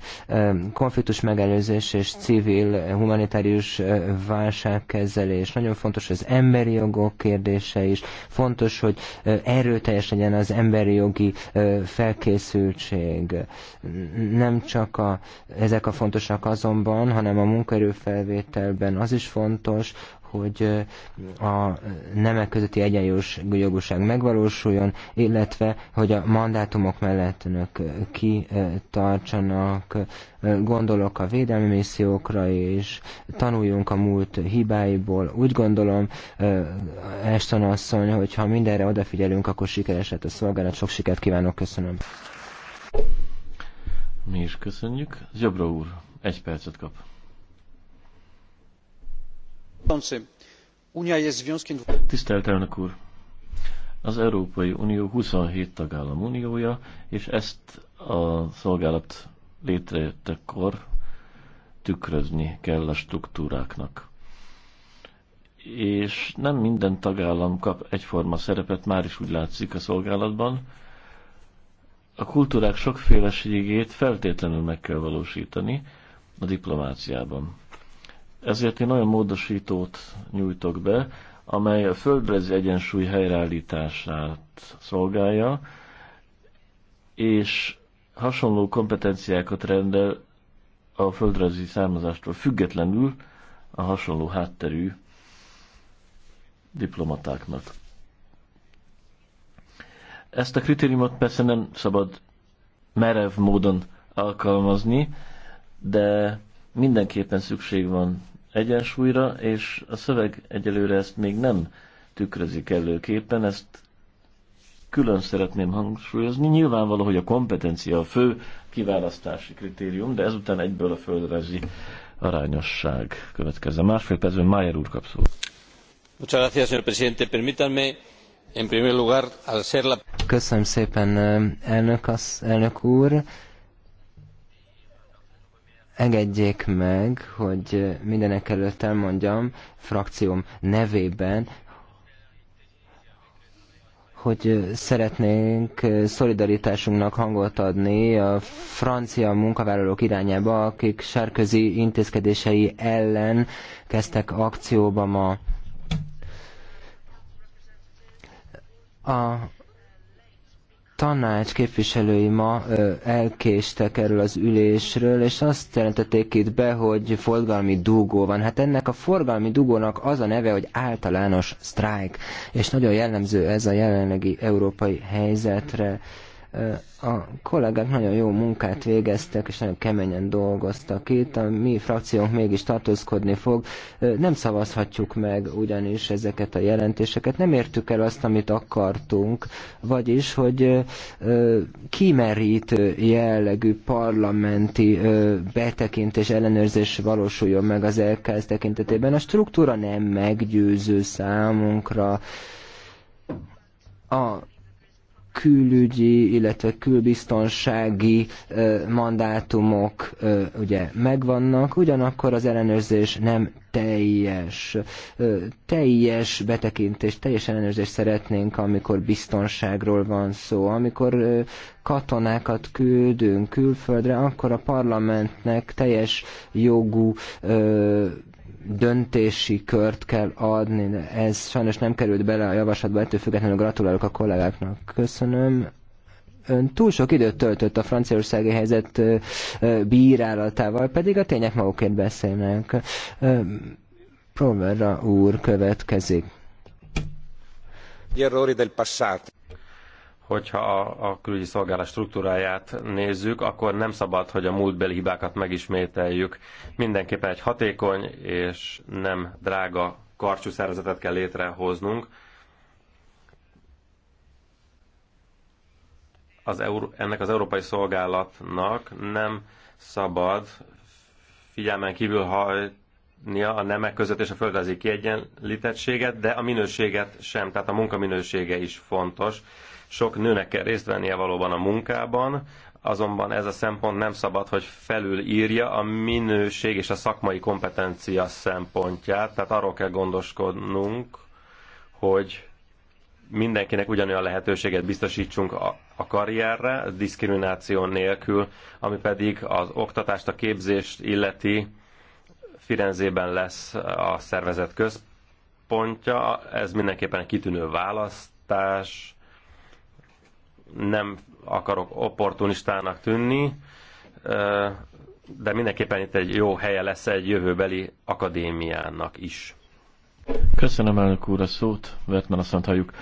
Konfliktus megelőzés és civil humanitárius válságkezelés. Nagyon fontos az emberi jogok kérdése is, fontos, hogy erőteljes legyen az emberi jogi felkészültség. Nem csak a, ezek a fontosak azonban, hanem a munkaerőfelvételben az is fontos, hogy a nemek közötti egyenjogoság megvalósuljon, illetve hogy a mandátumok mellett önök kitartsanak, gondolok a védelmi missziókra, és tanuljunk a múlt hibáiból. Úgy gondolom, Eston asszony, hogy ha mindenre odafigyelünk, akkor sikeres lett a szolgálat. Sok sikert kívánok, köszönöm. Mi is köszönjük. Zsabra úr, egy percet kap. Tisztelt elnök úr! Az Európai Unió 27 tagállam uniója, és ezt a szolgálat létrejöttekor tükrözni kell a struktúráknak. És nem minden tagállam kap egyforma szerepet, már is úgy látszik a szolgálatban. A kultúrák sokféleségét feltétlenül meg kell valósítani a diplomáciában ezért én olyan módosítót nyújtok be, amely a földrajzi egyensúly helyreállítását szolgálja, és hasonló kompetenciákat rendel a földrajzi származástól függetlenül a hasonló hátterű diplomatáknak. Ezt a kritériumot persze nem szabad merev módon alkalmazni, de mindenképpen szükség van egyensúlyra, és a szöveg egyelőre ezt még nem tükrözi előképpen. ezt külön szeretném hangsúlyozni. Nyilvánvaló, hogy a kompetencia a fő kiválasztási kritérium, de ezután egyből a földrajzi arányosság következze. Másfél percben Mayer úr kap szót. Köszönöm szépen, elnök, az, elnök úr engedjék meg, hogy mindenek előtt elmondjam frakcióm nevében, hogy szeretnénk szolidaritásunknak hangot adni a francia munkavállalók irányába, akik sárközi intézkedései ellen kezdtek akcióba ma. A tanács képviselői ma elkéstek erről az ülésről, és azt jelentették itt be, hogy forgalmi dugó van. Hát ennek a forgalmi dugónak az a neve, hogy általános sztrájk, és nagyon jellemző ez a jelenlegi európai helyzetre. A kollégák nagyon jó munkát végeztek, és nagyon keményen dolgoztak itt. A mi frakciónk mégis tartózkodni fog. Nem szavazhatjuk meg ugyanis ezeket a jelentéseket. Nem értük el azt, amit akartunk, vagyis, hogy kimerítő jellegű parlamenti betekintés ellenőrzés valósuljon meg az LKS tekintetében. A struktúra nem meggyőző számunkra. A külügyi, illetve külbiztonsági mandátumok ugye megvannak, ugyanakkor az ellenőrzés nem teljes, teljes betekintés, teljes ellenőrzést szeretnénk, amikor biztonságról van szó. Amikor katonákat küldünk külföldre, akkor a parlamentnek teljes jogú döntési kört kell adni. Ez sajnos nem került bele a javaslatba, ettől függetlenül gratulálok a kollégáknak. Köszönöm. Ön túl sok időt töltött a franciaországi helyzet bírálatával, pedig a tények magukért beszélnek. Provera úr következik. Gli errori del passato hogyha a, a külügyi szolgálat struktúráját nézzük, akkor nem szabad, hogy a múltbeli hibákat megismételjük. Mindenképpen egy hatékony és nem drága karcsú szervezetet kell létrehoznunk. Az Euró- ennek az európai szolgálatnak nem szabad figyelmen kívül hajtnia a nemek között és a földrajzi kiegyenlítettséget, de a minőséget sem, tehát a munka minősége is fontos. Sok nőnek kell részt vennie valóban a munkában, azonban ez a szempont nem szabad, hogy felülírja a minőség és a szakmai kompetencia szempontját. Tehát arról kell gondoskodnunk, hogy mindenkinek ugyanolyan lehetőséget biztosítsunk a, a karrierre, diszkrimináció nélkül, ami pedig az oktatást, a képzést illeti. Firenzében lesz a szervezet központja, ez mindenképpen egy kitűnő választás, nem akarok opportunistának tűnni, de mindenképpen itt egy jó helye lesz egy jövőbeli akadémiának is. Köszönöm elnök úr a szót, Vertman azt halljuk.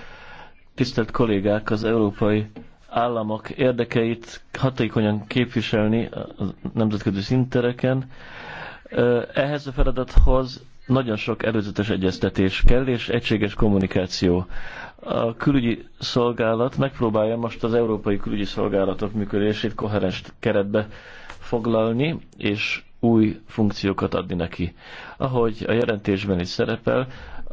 Tisztelt kollégák, az európai államok érdekeit hatékonyan képviselni a nemzetközi szintereken. Ehhez a feladathoz nagyon sok előzetes egyeztetés kell, és egységes kommunikáció a külügyi szolgálat megpróbálja most az európai külügyi szolgálatok működését koherens keretbe foglalni, és új funkciókat adni neki. Ahogy a jelentésben is szerepel,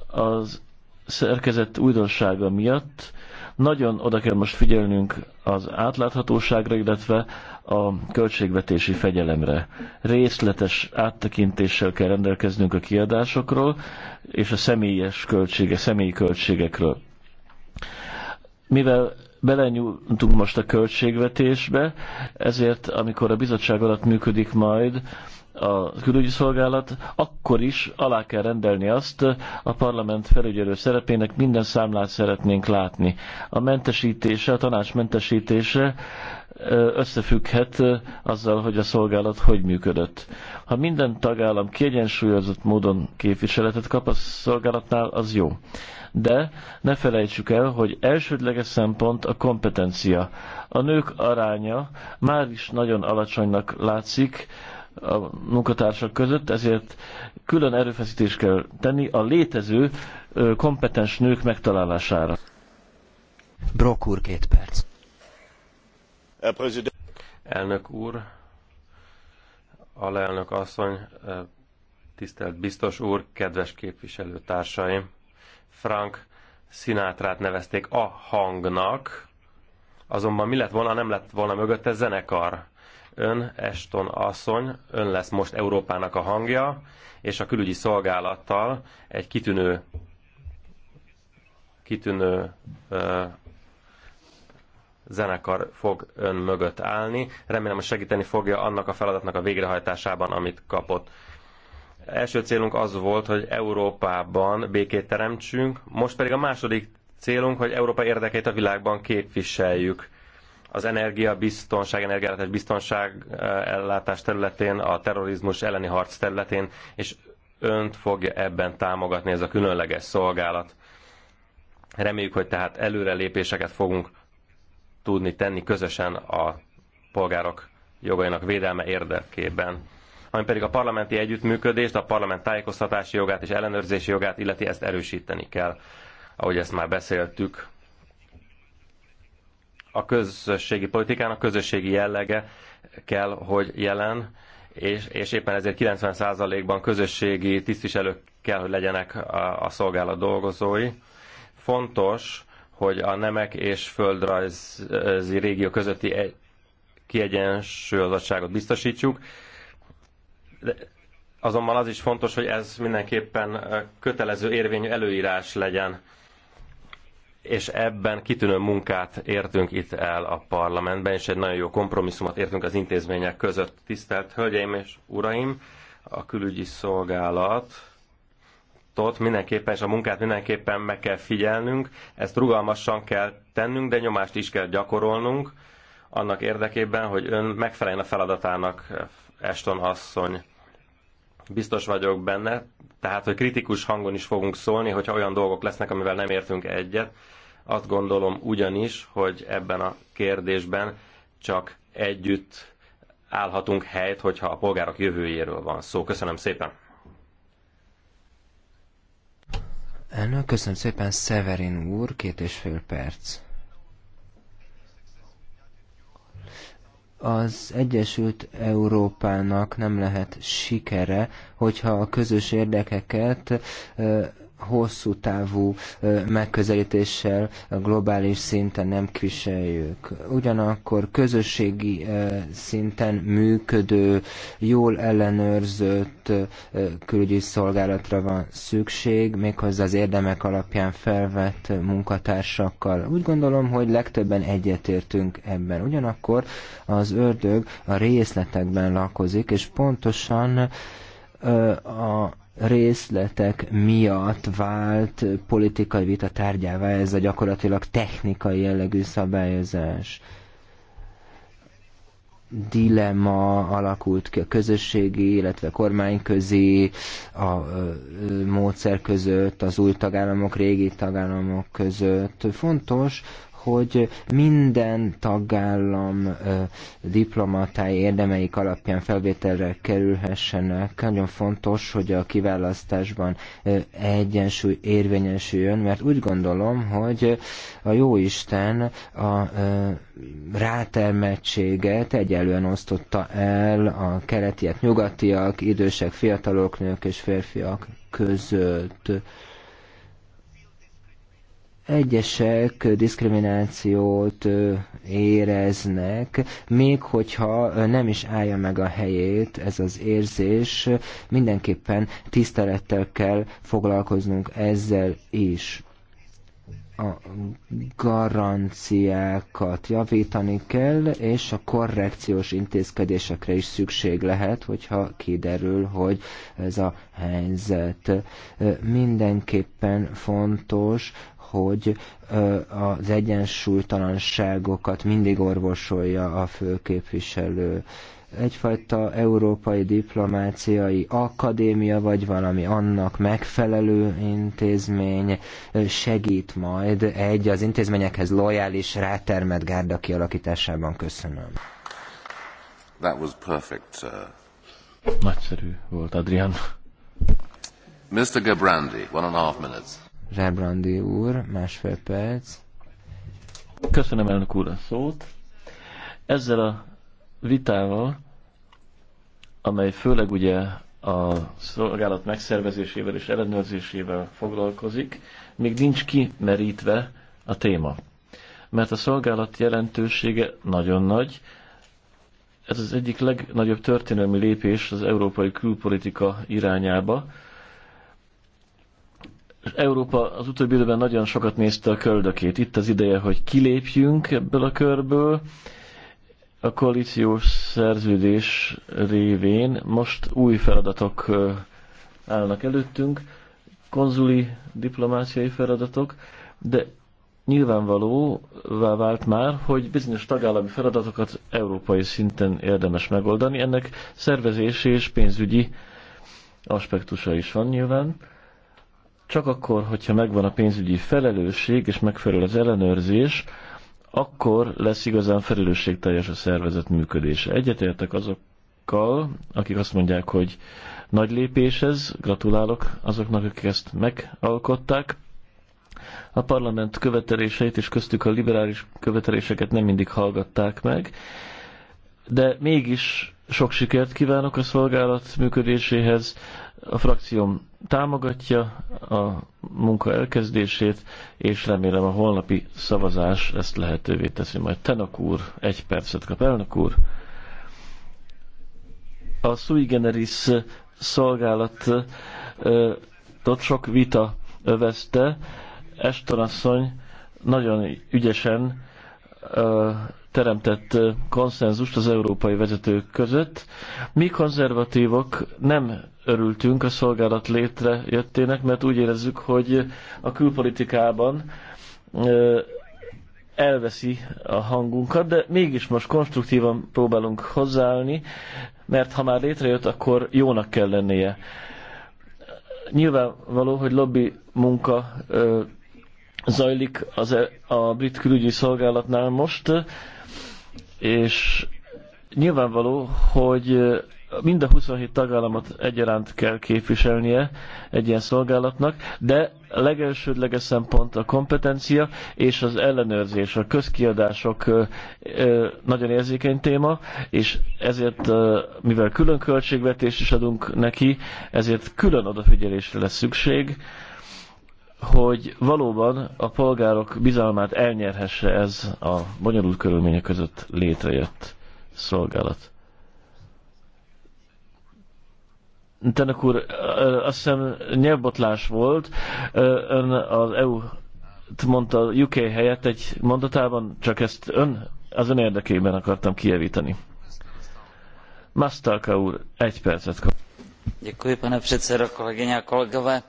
az szerkezett újdonsága miatt nagyon oda kell most figyelnünk az átláthatóságra, illetve a költségvetési fegyelemre. Részletes áttekintéssel kell rendelkeznünk a kiadásokról és a személyes költsége, személyi költségekről mivel belenyúltunk most a költségvetésbe, ezért amikor a bizottság alatt működik majd a külügyi szolgálat, akkor is alá kell rendelni azt a parlament felügyelő szerepének, minden számlát szeretnénk látni. A mentesítése, a tanács mentesítése összefügghet azzal, hogy a szolgálat hogy működött. Ha minden tagállam kiegyensúlyozott módon képviseletet kap a szolgálatnál, az jó de ne felejtsük el, hogy elsődleges szempont a kompetencia. A nők aránya már is nagyon alacsonynak látszik a munkatársak között, ezért külön erőfeszítést kell tenni a létező kompetens nők megtalálására. Brok úr, két perc. Elnök úr, alelnök asszony, tisztelt biztos úr, kedves képviselőtársaim! Frank Sinátrát nevezték a hangnak, azonban mi lett volna, nem lett volna mögötte zenekar. Ön, Eston asszony, ön lesz most Európának a hangja, és a külügyi szolgálattal egy kitűnő kitűnő ö, zenekar fog ön mögött állni. Remélem, hogy segíteni fogja annak a feladatnak a végrehajtásában, amit kapott. Első célunk az volt, hogy Európában békét teremtsünk, most pedig a második célunk, hogy Európa érdekeit a világban képviseljük. Az energia biztonság, energiállátás biztonság eh, ellátás területén, a terrorizmus elleni harc területén, és önt fogja ebben támogatni ez a különleges szolgálat. Reméljük, hogy tehát előrelépéseket fogunk tudni tenni közösen a polgárok jogainak védelme érdekében hanem pedig a parlamenti együttműködést, a parlament tájékoztatási jogát és ellenőrzési jogát illeti ezt erősíteni kell, ahogy ezt már beszéltük. A közösségi politikának közösségi jellege kell, hogy jelen, és, és éppen ezért 90%-ban közösségi tisztviselők kell, hogy legyenek a, a szolgálat dolgozói. Fontos, hogy a nemek és földrajzi régió közötti kiegyensúlyozottságot biztosítsuk, azonban az is fontos, hogy ez mindenképpen kötelező érvényű előírás legyen és ebben kitűnő munkát értünk itt el a parlamentben, és egy nagyon jó kompromisszumot értünk az intézmények között. Tisztelt Hölgyeim és Uraim, a külügyi szolgálat ott mindenképpen, és a munkát mindenképpen meg kell figyelnünk, ezt rugalmasan kell tennünk, de nyomást is kell gyakorolnunk, annak érdekében, hogy ön megfeleljen a feladatának, Eston asszony biztos vagyok benne, tehát, hogy kritikus hangon is fogunk szólni, hogyha olyan dolgok lesznek, amivel nem értünk egyet. Azt gondolom ugyanis, hogy ebben a kérdésben csak együtt állhatunk helyt, hogyha a polgárok jövőjéről van szó. Köszönöm szépen! Elnök, köszönöm szépen, Severin úr, két és fél perc. az Egyesült Európának nem lehet sikere, hogyha a közös érdekeket hosszú távú megközelítéssel globális szinten nem kviseljük. Ugyanakkor közösségi szinten működő, jól ellenőrzött külügyi szolgálatra van szükség, méghozzá az érdemek alapján felvett munkatársakkal. Úgy gondolom, hogy legtöbben egyetértünk ebben. Ugyanakkor az ördög a részletekben lakozik, és pontosan a részletek miatt vált politikai vita tárgyává ez a gyakorlatilag technikai jellegű szabályozás. Dilemma alakult ki a közösségi, illetve kormányközi, a módszer között, az új tagállamok, régi tagállamok között. Fontos, hogy minden tagállam diplomatái érdemeik alapján felvételre kerülhessenek. Nagyon fontos, hogy a kiválasztásban egyensúly érvényesüljön, mert úgy gondolom, hogy a jóisten a rátermettséget egyelően osztotta el a keletiek, nyugatiak, idősek, fiatalok, nők és férfiak között egyesek diszkriminációt éreznek, még hogyha nem is állja meg a helyét ez az érzés, mindenképpen tisztelettel kell foglalkoznunk ezzel is. A garanciákat javítani kell, és a korrekciós intézkedésekre is szükség lehet, hogyha kiderül, hogy ez a helyzet. Mindenképpen fontos, hogy az egyensúlytalanságokat mindig orvosolja a főképviselő. Egyfajta európai diplomáciai akadémia, vagy valami annak megfelelő intézmény segít majd egy az intézményekhez lojális, rátermet gárda kialakításában. Köszönöm. That was perfect, sir. Uh, Nagyszerű volt, Adrian. Mr. Gabrandi, one and a half minutes. Rebrandi úr, másfél perc. Köszönöm elnök úr a szót. Ezzel a vitával, amely főleg ugye a szolgálat megszervezésével és ellenőrzésével foglalkozik, még nincs kimerítve a téma. Mert a szolgálat jelentősége nagyon nagy. Ez az egyik legnagyobb történelmi lépés az európai külpolitika irányába, Európa az utóbbi időben nagyon sokat nézte a köldökét. Itt az ideje, hogy kilépjünk ebből a körből. A koalíciós szerződés révén most új feladatok állnak előttünk, konzuli diplomáciai feladatok, de nyilvánvalóvá vált már, hogy bizonyos tagállami feladatokat európai szinten érdemes megoldani. Ennek szervezési és pénzügyi aspektusa is van nyilván csak akkor, hogyha megvan a pénzügyi felelősség és megfelel az ellenőrzés, akkor lesz igazán felelősségteljes a szervezet működése. Egyetértek azokkal, akik azt mondják, hogy nagy lépés ez, gratulálok azoknak, akik ezt megalkották. A parlament követeléseit és köztük a liberális követeléseket nem mindig hallgatták meg, de mégis sok sikert kívánok a szolgálat működéséhez. A frakcióm támogatja a munka elkezdését, és remélem a holnapi szavazás ezt lehetővé teszi. Majd Tenak úr, egy percet kap elnök úr. A sui generis szolgálatot sok vita övezte. Estonasszony nagyon ügyesen teremtett konszenzust az európai vezetők között. Mi konzervatívok nem örültünk a szolgálat létrejöttének, mert úgy érezzük, hogy a külpolitikában elveszi a hangunkat, de mégis most konstruktívan próbálunk hozzáállni, mert ha már létrejött, akkor jónak kell lennie. Nyilvánvaló, hogy lobby munka zajlik az, e- a brit külügyi szolgálatnál most, és nyilvánvaló, hogy mind a 27 tagállamot egyaránt kell képviselnie egy ilyen szolgálatnak, de a legelsődleges szempont a kompetencia és az ellenőrzés, a közkiadások nagyon érzékeny téma, és ezért, mivel külön költségvetést is adunk neki, ezért külön odafigyelésre lesz szükség, hogy valóban a polgárok bizalmát elnyerhesse ez a bonyolult körülmények között létrejött szolgálat. Tenek úr, azt hiszem nyelvbotlás volt. Ön az EU mondta UK helyett egy mondatában, csak ezt ön, az ön érdekében akartam kijavítani. Mastalka úr, egy percet kap. Děkuji, pane předsedo, kolegyně a kolegové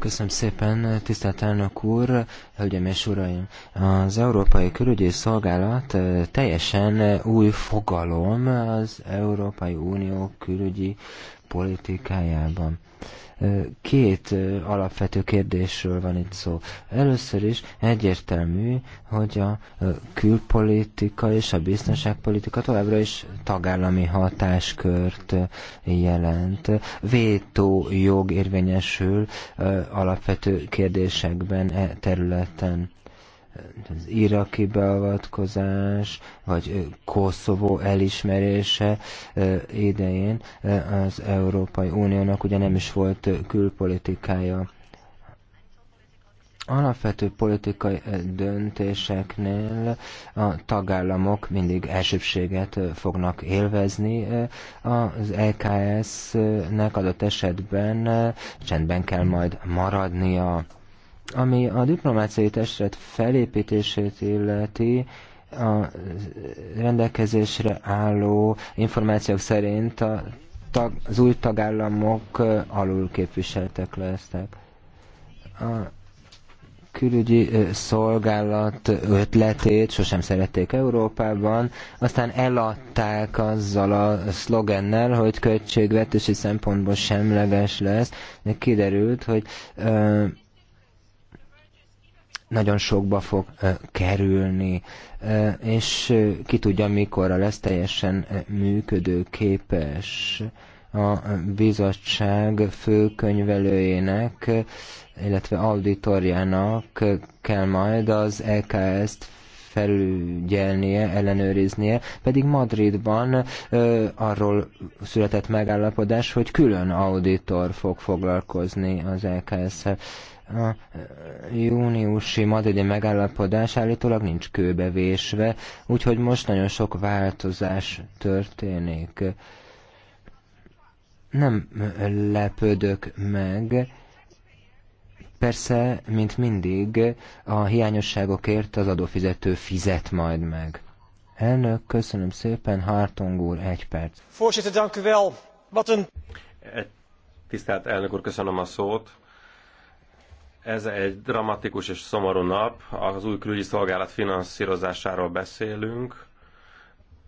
Köszönöm szépen, tisztelt elnök úr, hölgyeim és uraim! Az Európai Külügyi Szolgálat teljesen új fogalom az Európai Unió külügyi politikájában. Két alapvető kérdésről van itt szó. Először is egyértelmű, hogy a külpolitika és a biztonságpolitika továbbra is tagállami hatáskört jelent. Vétó jog érvényesül alapvető kérdésekben e területen az iraki beavatkozás, vagy Koszovó elismerése idején az Európai Uniónak ugye nem is volt külpolitikája. Alapvető politikai döntéseknél a tagállamok mindig elsőbséget fognak élvezni. Az EKS-nek adott esetben csendben kell majd maradnia. Ami a diplomáciai testület felépítését illeti, a rendelkezésre álló információk szerint a tag, az új tagállamok alul képviseltek lesznek. A külügyi szolgálat ötletét sosem szerették Európában, aztán eladták azzal a szlogennel, hogy költségvetési szempontból semleges lesz, de kiderült, hogy ö, nagyon sokba fog kerülni, és ki tudja, mikorra lesz teljesen működőképes a bizottság főkönyvelőjének, illetve auditorjának kell majd az EKS-t felügyelnie, ellenőriznie, pedig Madridban ö, arról született megállapodás, hogy külön auditor fog foglalkozni az LKS-szel. A e, júniusi madridi megállapodás állítólag nincs kőbevésve, úgyhogy most nagyon sok változás történik. Nem lepődök meg, Persze, mint mindig, a hiányosságokért az adófizető fizet majd meg. Elnök, köszönöm szépen, Hartung úr, egy perc. dank u wel. Wat een... Tisztelt elnök úr, köszönöm a szót. Ez egy dramatikus és szomorú nap. Az új külügyi szolgálat finanszírozásáról beszélünk.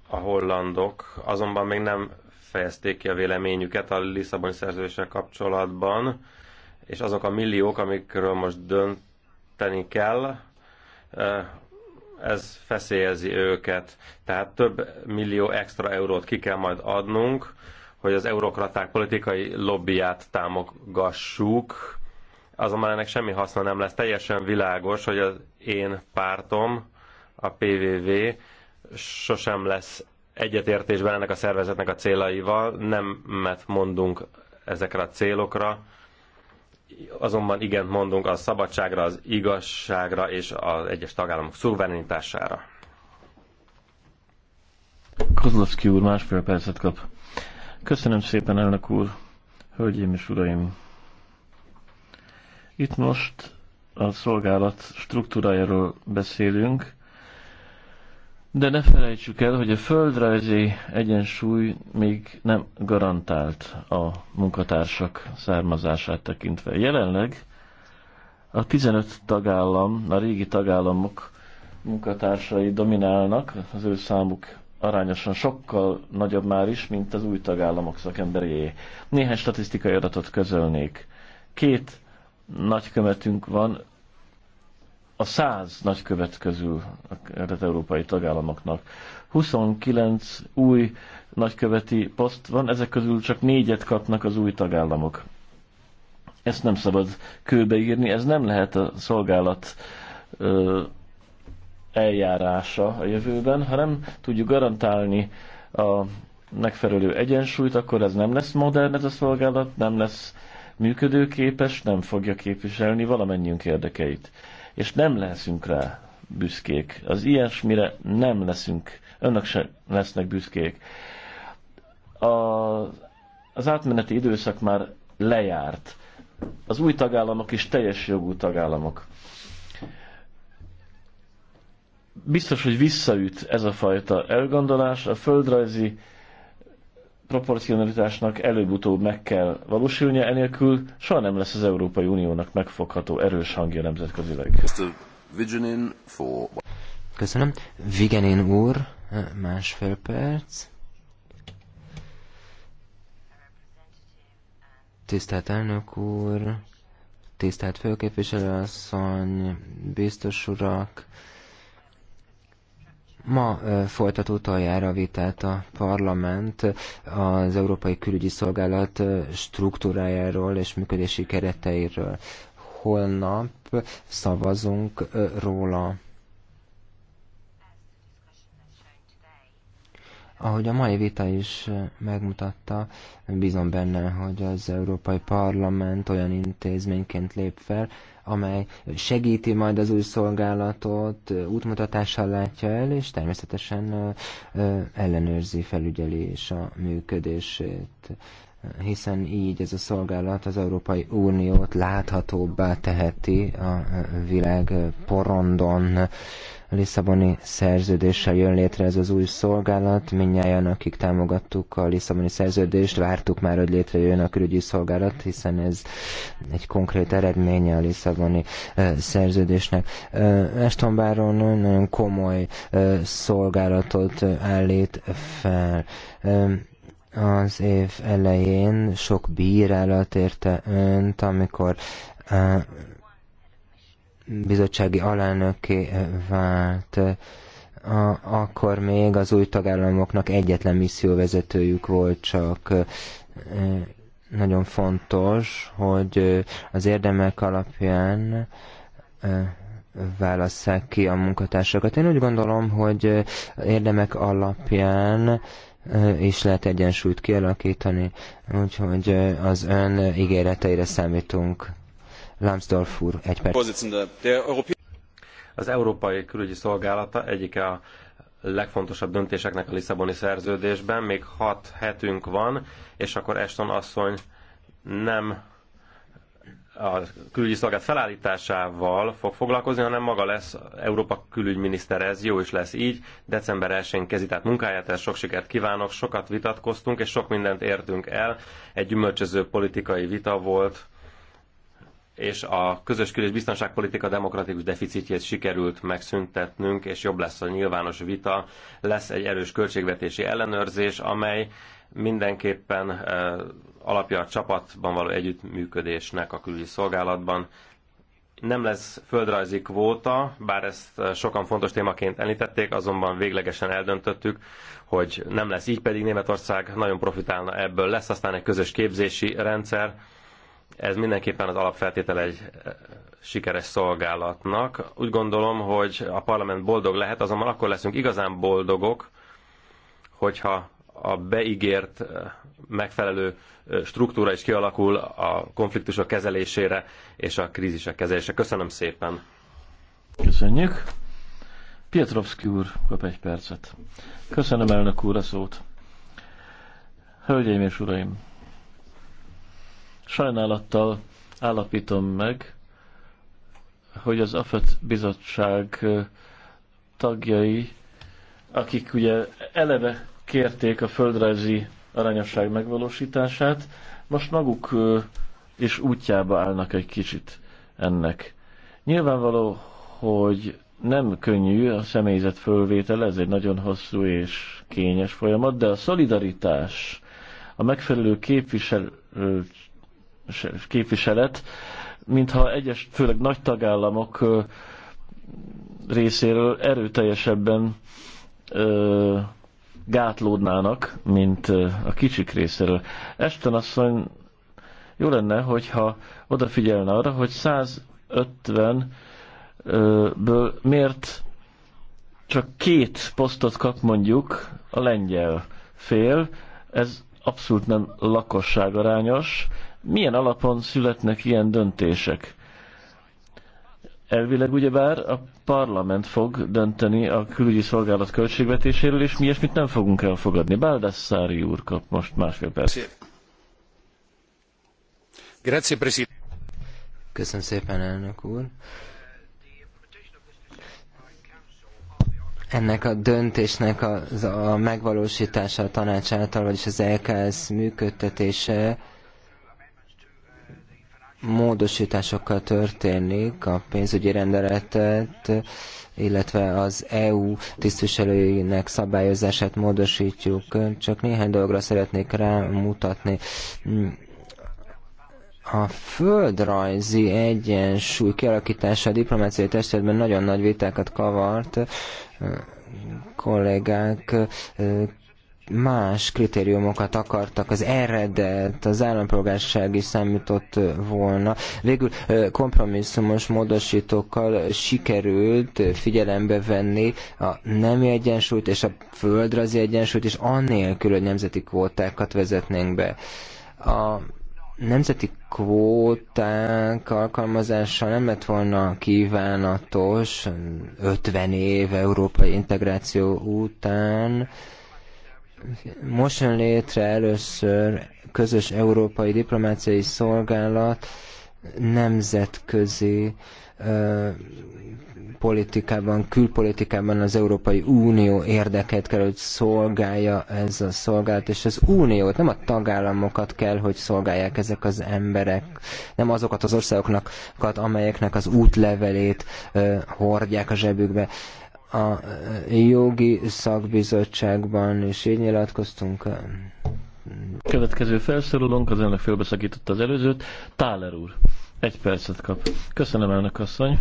A hollandok azonban még nem fejezték ki a véleményüket a Lisszaboni szerződéssel kapcsolatban, és azok a milliók, amikről most dönteni kell, ez feszélyezi őket. Tehát több millió extra eurót ki kell majd adnunk, hogy az eurokraták politikai lobbyját támogassuk, azonban ennek semmi haszna nem lesz. Teljesen világos, hogy az én pártom, a PVV, sosem lesz egyetértésben ennek a szervezetnek a célaival, nem mert mondunk ezekre a célokra, azonban igen mondunk a szabadságra, az igazságra és az egyes tagállamok szuverenitására. Kozlovszki úr másfél percet kap. Köszönöm szépen, elnök úr, hölgyeim és uraim! Itt most a szolgálat struktúrájáról beszélünk, de ne felejtsük el, hogy a földrajzi egyensúly még nem garantált a munkatársak származását tekintve. Jelenleg a 15 tagállam, a régi tagállamok munkatársai dominálnak, az ő számuk arányosan sokkal nagyobb már is, mint az új tagállamok szakemberéjé. Néhány statisztikai adatot közölnék. Két nagykövetünk van a száz nagykövet közül a kelet-európai tagállamoknak. 29 új nagyköveti poszt van, ezek közül csak négyet kapnak az új tagállamok. Ezt nem szabad kőbeírni, ez nem lehet a szolgálat ö, eljárása a jövőben. Ha nem tudjuk garantálni a megfelelő egyensúlyt, akkor ez nem lesz modern ez a szolgálat, nem lesz működőképes, nem fogja képviselni valamennyiünk érdekeit. És nem leszünk rá büszkék. Az ilyesmire nem leszünk, önök se lesznek büszkék. A, az átmeneti időszak már lejárt. Az új tagállamok is teljes jogú tagállamok. Biztos, hogy visszaüt ez a fajta elgondolás. A földrajzi uh, proporcionalitásnak előbb-utóbb meg kell valósulnia, enélkül soha nem lesz az Európai Uniónak megfogható erős hangja nemzetközileg. Köszönöm. Vigenin úr, másfél perc. Tisztelt elnök úr, tisztelt asszony, biztos urak, Ma folytat utoljára vitát a parlament az Európai Külügyi Szolgálat struktúrájáról és működési kereteiről. Holnap szavazunk róla. Ahogy a mai vita is megmutatta, bízom benne, hogy az Európai Parlament olyan intézményként lép fel, amely segíti majd az új szolgálatot, útmutatással látja el, és természetesen ellenőrzi, felügyeli és a működését hiszen így ez a szolgálat az Európai Uniót láthatóbbá teheti a világ porondon Lisszaboni szerződéssel jön létre ez az új szolgálat. Minnyáján, akik támogattuk a Lisszaboni szerződést, vártuk már, hogy létrejön a külügyi szolgálat, hiszen ez egy konkrét eredménye a Lisszaboni szerződésnek. Eston Báron nagyon komoly szolgálatot állít fel az év elején sok bírálat érte önt, amikor bizottsági alelnöké vált, a, akkor még az új tagállamoknak egyetlen misszióvezetőjük volt csak. E, nagyon fontos, hogy az érdemek alapján e, válasszák ki a munkatársakat. Én úgy gondolom, hogy érdemek alapján e, is lehet egyensúlyt kialakítani, úgyhogy az ön ígéreteire számítunk. Lambsdorff úr, egy perc. Az Európai Külügyi Szolgálata egyik a legfontosabb döntéseknek a Lisszaboni szerződésben. Még hat hetünk van, és akkor Eston asszony nem a külügyi szolgált felállításával fog foglalkozni, hanem maga lesz Európa külügyminiszter, ez jó is lesz így. December 1-én kezdi tehát munkáját, ez sok sikert kívánok, sokat vitatkoztunk, és sok mindent értünk el. Egy gyümölcsöző politikai vita volt, és a közös kül- és biztonságpolitika demokratikus deficitjét sikerült megszüntetnünk, és jobb lesz a nyilvános vita, lesz egy erős költségvetési ellenőrzés, amely mindenképpen e, alapja a csapatban való együttműködésnek a külügyi szolgálatban. Nem lesz földrajzi kvóta, bár ezt e, sokan fontos témaként említették, azonban véglegesen eldöntöttük, hogy nem lesz így, pedig Németország nagyon profitálna ebből. Lesz aztán egy közös képzési rendszer, ez mindenképpen az alapfeltétel egy eh, sikeres szolgálatnak. Úgy gondolom, hogy a parlament boldog lehet, azonban akkor leszünk igazán boldogok, hogyha a beígért eh, megfelelő eh, struktúra is kialakul a konfliktusok kezelésére és a krízisek kezelésére. Köszönöm szépen! Köszönjük! Pietrovszki úr kap egy percet. Köszönöm elnök úr a szót. Hölgyeim és uraim! Sajnálattal állapítom meg, hogy az AFET bizottság tagjai, akik ugye eleve kérték a földrajzi aranyosság megvalósítását, most maguk és útjába állnak egy kicsit ennek. Nyilvánvaló, hogy nem könnyű a személyzet fölvétele, ez egy nagyon hosszú és kényes folyamat, de a szolidaritás, a megfelelő képviselő képviselet, mintha egyes, főleg nagy tagállamok részéről erőteljesebben gátlódnának, mint a kicsik részéről. Esten asszony jó lenne, hogyha odafigyelne arra, hogy 150-ből miért csak két posztot kap mondjuk a lengyel fél, ez abszolút nem lakosságarányos, milyen alapon születnek ilyen döntések? Elvileg ugyebár a parlament fog dönteni a külügyi szolgálat költségvetéséről, és mi ilyesmit nem fogunk elfogadni. Báldászári úr kap most másfél perc. Köszönöm szépen, elnök úr. ennek a döntésnek a, a megvalósítása a tanács által, vagyis az LKS működtetése módosításokkal történik a pénzügyi rendeletet, illetve az EU tisztviselőinek szabályozását módosítjuk. Csak néhány dologra szeretnék rámutatni. A földrajzi egyensúly kialakítása a diplomáciai testületben nagyon nagy vitákat kavart. Kollégák más kritériumokat akartak, az eredet, az állampolgárság is számított volna. Végül kompromisszumos módosítókkal sikerült figyelembe venni a nemi egyensúlyt és a földrajzi egyensúlyt, és annélkül, hogy nemzeti kvótákat vezetnénk be. A nemzeti kvóták alkalmazása nem lett volna kívánatos 50 év európai integráció után, most jön létre először közös európai diplomáciai szolgálat nemzetközi politikában, külpolitikában az Európai Unió érdeket kell, hogy szolgálja ez a szolgálat, és az Uniót, nem a tagállamokat kell, hogy szolgálják ezek az emberek, nem azokat az országoknak, amelyeknek az útlevelét ö, hordják a zsebükbe. Ö, a jogi szakbizottságban is így nyilatkoztunk. Következő felszólalónk, az elnök félbeszakította az előzőt, Táler úr. Egy percet kap. Köszönöm, elnök asszony.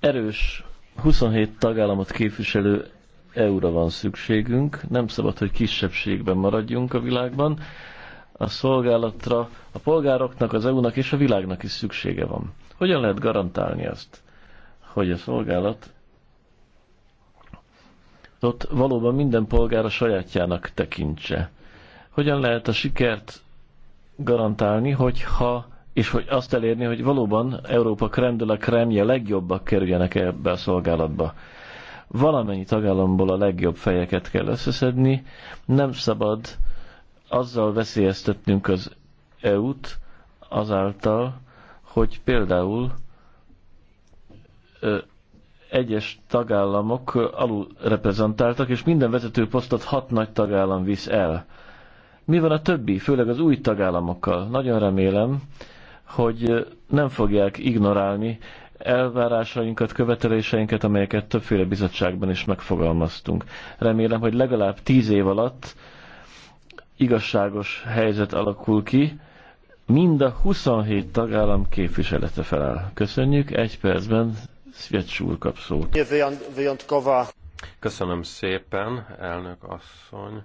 Erős 27 tagállamot képviselő EU-ra van szükségünk. Nem szabad, hogy kisebbségben maradjunk a világban. A szolgálatra a polgároknak, az EU-nak és a világnak is szüksége van. Hogyan lehet garantálni azt, hogy a szolgálat ott valóban minden polgár a sajátjának tekintse? Hogyan lehet a sikert garantálni, hogyha és hogy azt elérni, hogy valóban Európa krem kremje legjobbak kerüljenek ebbe a szolgálatba. Valamennyi tagállamból a legjobb fejeket kell összeszedni, nem szabad azzal veszélyeztetnünk az EU-t azáltal, hogy például egyes tagállamok alul reprezentáltak, és minden vezető posztot hat nagy tagállam visz el. Mi van a többi, főleg az új tagállamokkal? Nagyon remélem, hogy nem fogják ignorálni elvárásainkat, követeléseinket, amelyeket többféle bizottságban is megfogalmaztunk. Remélem, hogy legalább tíz év alatt igazságos helyzet alakul ki, mind a 27 tagállam képviselete feláll. Köszönjük, egy percben Svetsz úr kap szót. Köszönöm szépen, elnök asszony.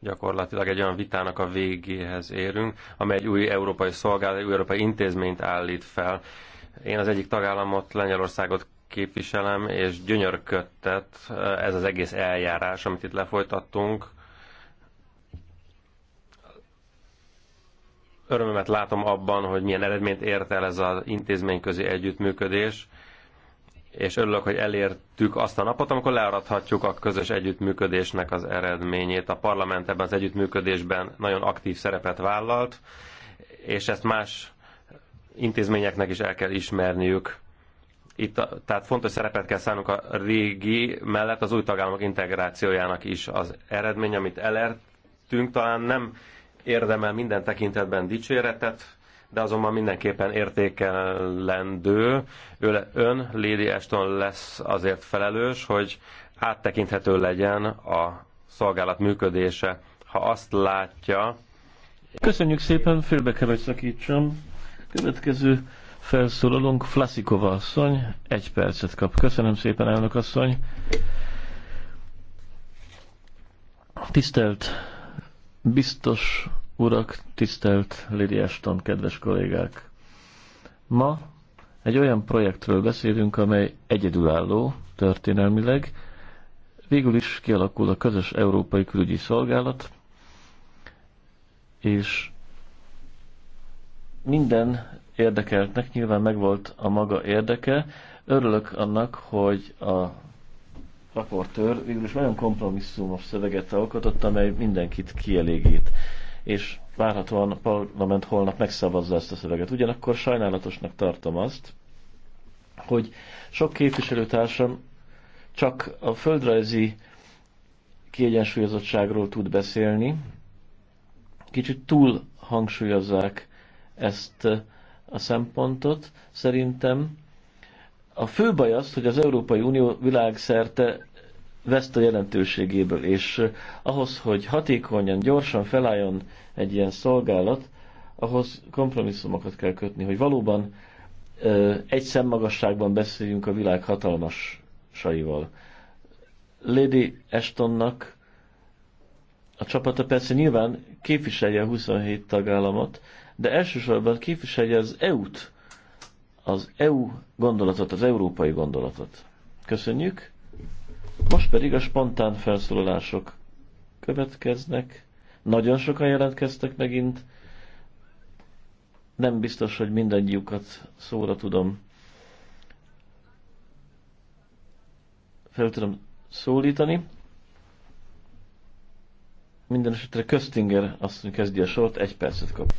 Gyakorlatilag egy olyan vitának a végéhez érünk, amely egy új európai szolgálat, egy új európai intézményt állít fel. Én az egyik tagállamot, Lengyelországot képviselem, és gyönyörködtet ez az egész eljárás, amit itt lefolytattunk örömömet látom abban, hogy milyen eredményt ért el ez az intézményközi együttműködés, és örülök, hogy elértük azt a napot, amikor learadhatjuk a közös együttműködésnek az eredményét. A parlament ebben az együttműködésben nagyon aktív szerepet vállalt, és ezt más intézményeknek is el kell ismerniük. Itt, tehát fontos szerepet kell szánnunk a régi mellett az új tagállamok integrációjának is az eredmény, amit elértünk, talán nem érdemel minden tekintetben dicséretet, de azonban mindenképpen értékelendő. Ő, ön, Lady Ashton lesz azért felelős, hogy áttekinthető legyen a szolgálat működése. Ha azt látja... Köszönjük szépen, félbe kell, hogy szakítsam. Következő felszólalónk Flaszikova asszony, egy percet kap. Köszönöm szépen, elnök asszony. Tisztelt Biztos urak, tisztelt Lady Ashton, kedves kollégák! Ma egy olyan projektről beszélünk, amely egyedülálló történelmileg. Végül is kialakul a közös európai külügyi szolgálat, és minden érdekeltnek nyilván megvolt a maga érdeke. Örülök annak, hogy a raportőr végül is olyan kompromisszumos szöveget alkotott, amely mindenkit kielégít. És várhatóan a parlament holnap megszavazza ezt a szöveget. Ugyanakkor sajnálatosnak tartom azt, hogy sok képviselőtársam csak a földrajzi kiegyensúlyozottságról tud beszélni, kicsit túl hangsúlyozzák ezt a szempontot. Szerintem a fő baj az, hogy az Európai Unió világszerte veszt a jelentőségéből, és eh, ahhoz, hogy hatékonyan, gyorsan felálljon egy ilyen szolgálat, ahhoz kompromisszumokat kell kötni, hogy valóban ö, eh, egy szemmagasságban beszéljünk a világ hatalmasaival. Lady Ashtonnak a csapata persze nyilván képviselje a 27 tagállamot, de elsősorban képviselje az EU-t, az EU gondolatot, az európai gondolatot. Köszönjük. Most pedig a spontán felszólalások következnek. Nagyon sokan jelentkeztek megint. Nem biztos, hogy mindannyiukat szóra tudom. Fel tudom szólítani. Minden esetre Köstinger, azt mondja, kezdi a sort, egy percet kap.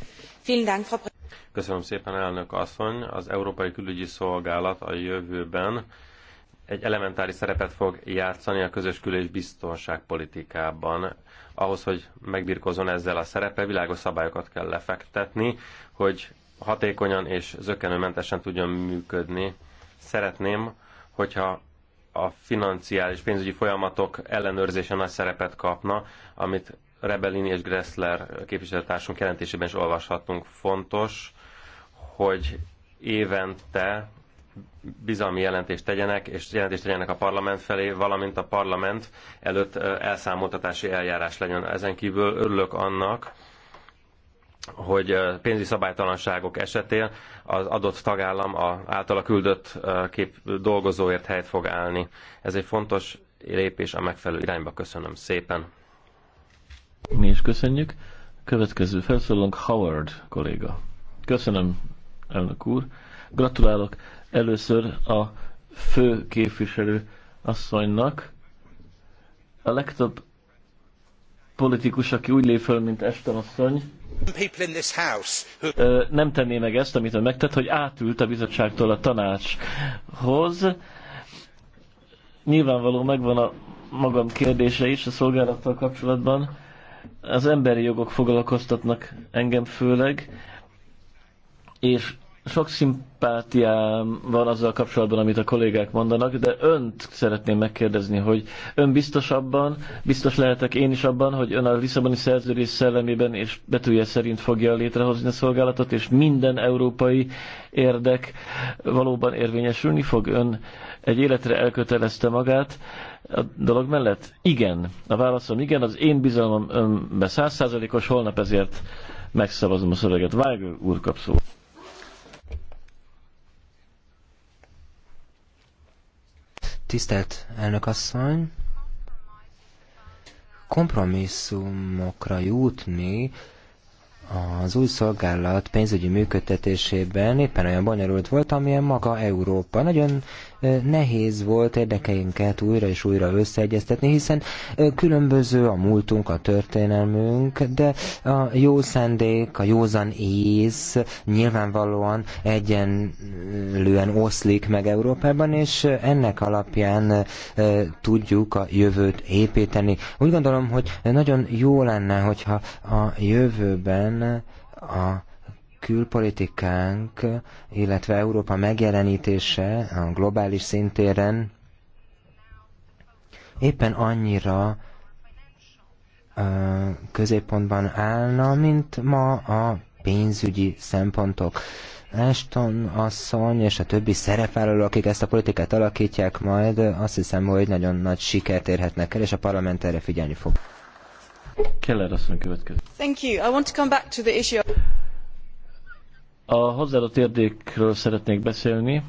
Köszönöm szépen, elnök asszony. Az Európai Külügyi Szolgálat a jövőben egy elementári szerepet fog játszani a közös kül- és biztonságpolitikában. Ahhoz, hogy megbirkozon ezzel a szerepe, világos szabályokat kell lefektetni, hogy hatékonyan és zökkenőmentesen tudjon működni. Szeretném, hogyha a financiális pénzügyi folyamatok ellenőrzése nagy szerepet kapna, amit Rebellini és Gressler képviselőtársunk jelentésében is olvashatunk. Fontos, hogy évente bizalmi jelentést tegyenek, és jelentést tegyenek a parlament felé, valamint a parlament előtt elszámoltatási eljárás legyen. Ezen kívül örülök annak, hogy pénzügyi szabálytalanságok esetén az adott tagállam a, általa küldött kép dolgozóért helyt fog állni. Ez egy fontos lépés a megfelelő irányba. Köszönöm szépen. Mi is köszönjük. Következő felszólunk Howard kolléga. Köszönöm, elnök úr. Gratulálok először a fő képviselő asszonynak. A legtöbb politikus, aki úgy lép föl, mint este asszony, nem tenné meg ezt, amit ő megtett, hogy átült a bizottságtól a tanácshoz. Nyilvánvaló megvan a magam kérdése is a szolgálattal kapcsolatban. Az emberi jogok foglalkoztatnak engem főleg és sok szimpátiám van azzal kapcsolatban, amit a kollégák mondanak, de önt szeretném megkérdezni, hogy ön biztos abban, biztos lehetek én is abban, hogy ön a Lisszaboni szerződés szellemében és betűje szerint fogja létrehozni a szolgálatot, és minden európai érdek valóban érvényesülni fog? Ön egy életre elkötelezte magát a dolog mellett? Igen. A válaszom igen, az én bizalmam önbe százszázalékos, holnap ezért megszavazom a szöveget. Vágő úr kap szót. Tisztelt elnök asszony! Kompromisszumokra jutni az új szolgálat pénzügyi működtetésében éppen olyan bonyolult volt, amilyen maga Európa. Nagyon nehéz volt érdekeinket újra és újra összeegyeztetni, hiszen különböző a múltunk, a történelmünk, de a jó szendék, a józan ész nyilvánvalóan egyenlően oszlik meg Európában, és ennek alapján tudjuk a jövőt építeni. Úgy gondolom, hogy nagyon jó lenne, hogyha a jövőben a külpolitikánk, illetve Európa megjelenítése a globális szintéren éppen annyira középpontban állna, mint ma a pénzügyi szempontok. Ashton asszony és a többi szerepvállaló, akik ezt a politikát alakítják majd, azt hiszem, hogy nagyon nagy sikert érhetnek el, és a parlament erre figyelni fog. Keller asszony következő. Thank you. I want to come back to the issue. A hozzáadott érdékről szeretnék beszélni.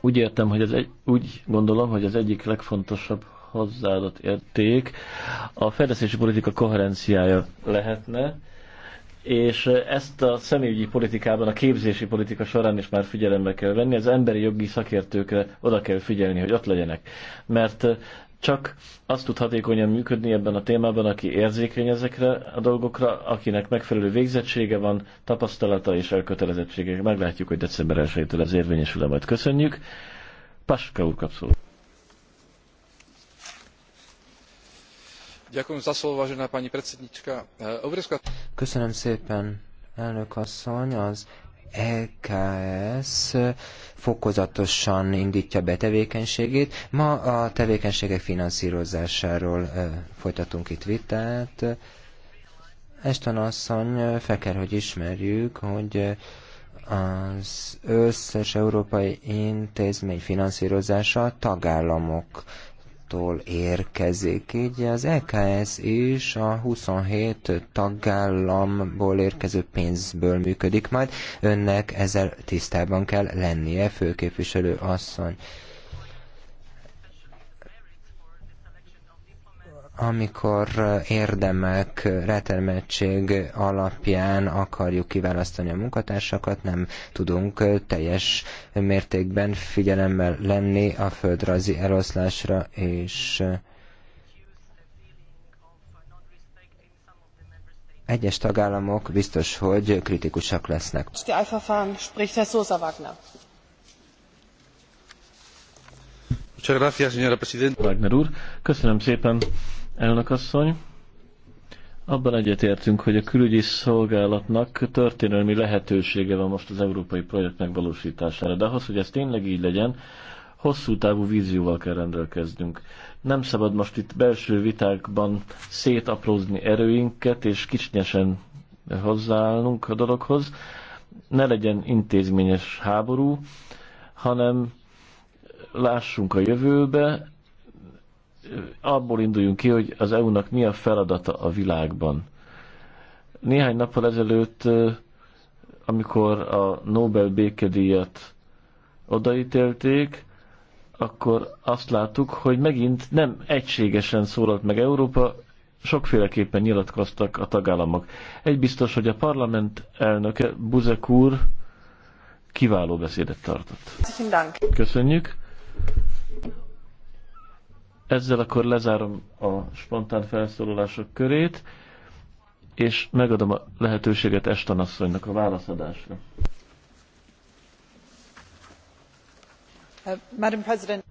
Úgy értem, hogy ez egy, úgy gondolom, hogy az egyik legfontosabb hozzáadott érték a fejlesztési politika koherenciája lehetne, és ezt a személyügyi politikában, a képzési politika során is már figyelembe kell venni, az emberi jogi szakértőkre oda kell figyelni, hogy ott legyenek. Mert csak azt tud hatékonyan működni ebben a témában, aki érzékeny ezekre a dolgokra, akinek megfelelő végzettsége van, tapasztalata és elkötelezettsége. Meglátjuk, hogy december 1-től ez érvényesül-e majd. Köszönjük. Paska úr kapszul. Köszönöm szépen, elnök asszony. Az EKS fokozatosan indítja be tevékenységét. Ma a tevékenységek finanszírozásáról e, folytatunk itt vitát. Eston asszony, e, fel kell, hogy ismerjük, hogy e, az összes európai intézmény finanszírozása tagállamok tagállamtól érkezik. Így az EKS is a 27 tagállamból érkező pénzből működik majd. Önnek ezzel tisztában kell lennie, főképviselő asszony. amikor eh, érdemek, eh, rátermeltség alapján akarjuk kiválasztani a munkatársakat, nem tudunk eh, teljes mértékben figyelemmel lenni a földrajzi eloszlásra, és egyes tagállamok biztos, hogy kritikusak lesznek. Wagner úr, köszönöm szépen elnökasszony. Abban egyetértünk, hogy a külügyi szolgálatnak történelmi lehetősége van most az európai projekt megvalósítására, de ahhoz, hogy ez tényleg így legyen, hosszú távú vízióval kell rendelkeznünk. Nem szabad most itt belső vitákban szétaprózni erőinket, és kicsinyesen hozzáállnunk a dologhoz. Ne legyen intézményes háború, hanem lássunk a jövőbe, abból induljunk ki, hogy az EU-nak mi a feladata a világban. Néhány nappal ezelőtt, amikor a Nobel békedíjat odaítélték, akkor azt láttuk, hogy megint nem egységesen szólalt meg Európa, sokféleképpen nyilatkoztak a tagállamok. Egy biztos, hogy a parlament elnöke, Buzek úr, kiváló beszédet tartott. Köszönjük. Ezzel akkor lezárom a spontán felszólalások körét, és megadom a lehetőséget Estanasszonynak a válaszadásra. Uh, Madam President.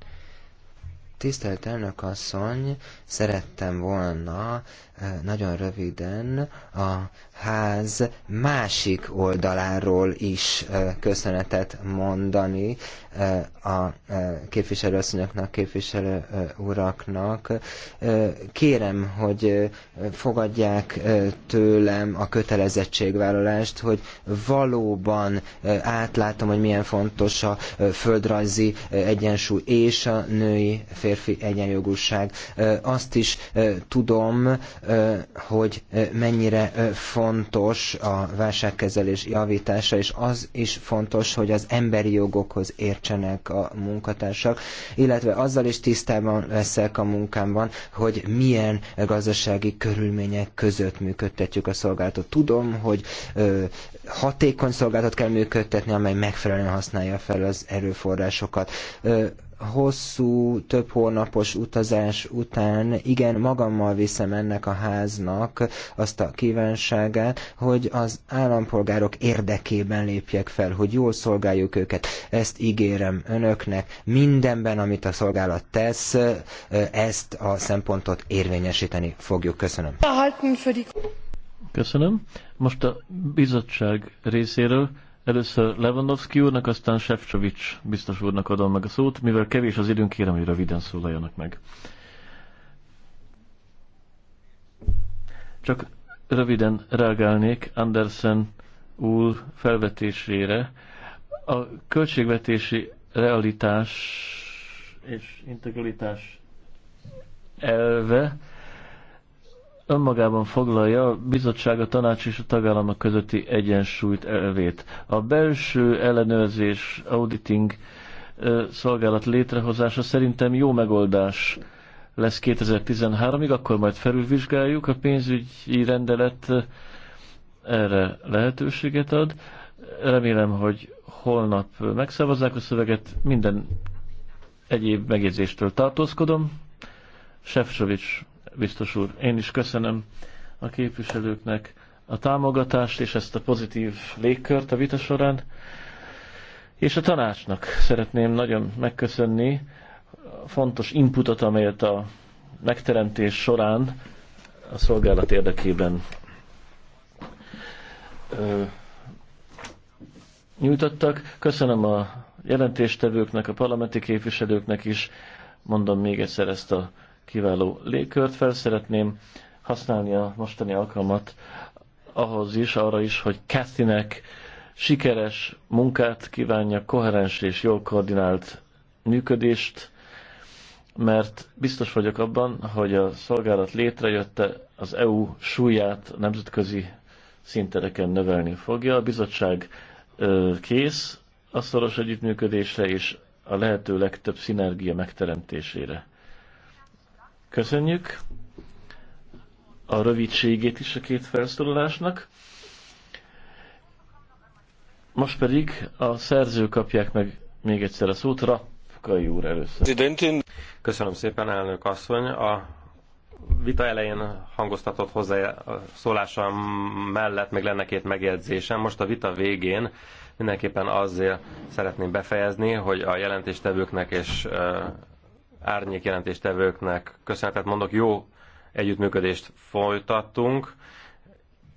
Tisztelt elnök asszony, szerettem volna eh, nagyon röviden a ház másik oldaláról is eh, köszönetet mondani eh, a képviselőasszonyoknak, képviselő uraknak. Kérem, hogy fogadják tőlem a kötelezettségvállalást, hogy valóban átlátom, hogy milyen fontos a földrajzi egyensúly és a női férfi férfi egyenjogúság. Azt is tudom, hogy mennyire fontos a válságkezelés javítása, és az is fontos, hogy az emberi jogokhoz értsenek a munkatársak, illetve azzal is tisztában leszek a munkámban, hogy milyen gazdasági körülmények között működtetjük a szolgáltatót. Tudom, hogy hatékony szolgáltat kell működtetni, amely megfelelően használja fel az erőforrásokat hosszú, több hónapos utazás után igen magammal viszem ennek a háznak azt a kívánságát, hogy az állampolgárok érdekében lépjek fel, hogy jól szolgáljuk őket. Ezt ígérem önöknek. Mindenben, amit a szolgálat tesz, ezt a szempontot érvényesíteni fogjuk. Köszönöm. Köszönöm. Most a bizottság részéről Először Lewandowski úrnak, aztán Sefcsovics biztos úrnak adom meg a szót. Mivel kevés az időnk, kérem, hogy röviden szólaljanak meg. Csak röviden reagálnék Andersen úr felvetésére. A költségvetési realitás és integralitás elve önmagában foglalja a bizottság, a tanács és a tagállamok közötti egyensúlyt elvét. A belső ellenőrzés, auditing szolgálat létrehozása szerintem jó megoldás lesz 2013-ig, akkor majd felülvizsgáljuk. A pénzügyi rendelet erre lehetőséget ad. Remélem, hogy holnap megszavazzák a szöveget. Minden egyéb megjegyzéstől tartózkodom. Sefcovics biztos úr. Én is köszönöm a képviselőknek a támogatást és ezt a pozitív légkört a vita során. És a tanácsnak szeretném nagyon megköszönni a fontos inputot, amelyet a megteremtés során a szolgálat érdekében ö, nyújtottak. Köszönöm a jelentéstevőknek, a parlamenti képviselőknek is. Mondom még egyszer ezt a kiváló légkört. Fel szeretném használni a mostani alkalmat ahhoz is, arra is, hogy Kathynek sikeres munkát kívánja, koherens és jól koordinált működést, mert biztos vagyok abban, hogy a szolgálat létrejötte az EU súlyát nemzetközi szintereken növelni fogja. A bizottság kész a szoros együttműködésre és a lehető legtöbb szinergia megteremtésére. Köszönjük a rövidségét is a két felszólalásnak. Most pedig a szerző kapják meg még egyszer a szót, Rapkai úr először. Köszönöm szépen, elnök asszony. A vita elején hangoztatott szólása mellett még lenne két megjegyzésem. Most a vita végén mindenképpen azért szeretném befejezni, hogy a jelentéstevőknek és árnyék jelentéstevőknek köszönetet mondok, jó együttműködést folytattunk.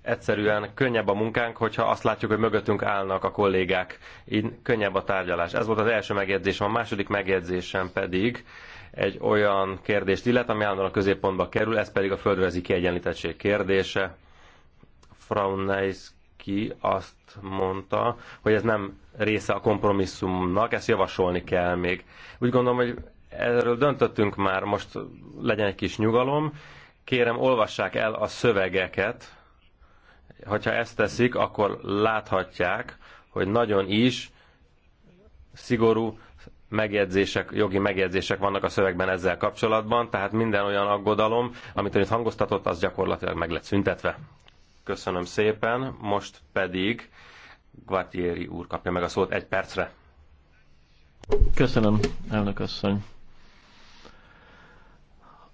Egyszerűen könnyebb a munkánk, hogyha azt látjuk, hogy mögöttünk állnak a kollégák, így könnyebb a tárgyalás. Ez volt az első megjegyzésem, a második megjegyzésem pedig egy olyan kérdést illet, ami állandóan a középpontba kerül, ez pedig a földrajzi kiegyenlítettség kérdése. Fraunais azt mondta, hogy ez nem része a kompromisszumnak, ezt javasolni kell még. Úgy gondolom, hogy erről döntöttünk már, most legyen egy kis nyugalom. Kérem, olvassák el a szövegeket. Hogyha ezt teszik, akkor láthatják, hogy nagyon is szigorú megjegyzések, jogi megjegyzések vannak a szövegben ezzel kapcsolatban, tehát minden olyan aggodalom, amit itt hangoztatott, az gyakorlatilag meg lett szüntetve. Köszönöm szépen, most pedig Guattieri úr kapja meg a szót egy percre. Köszönöm, elnök asszony.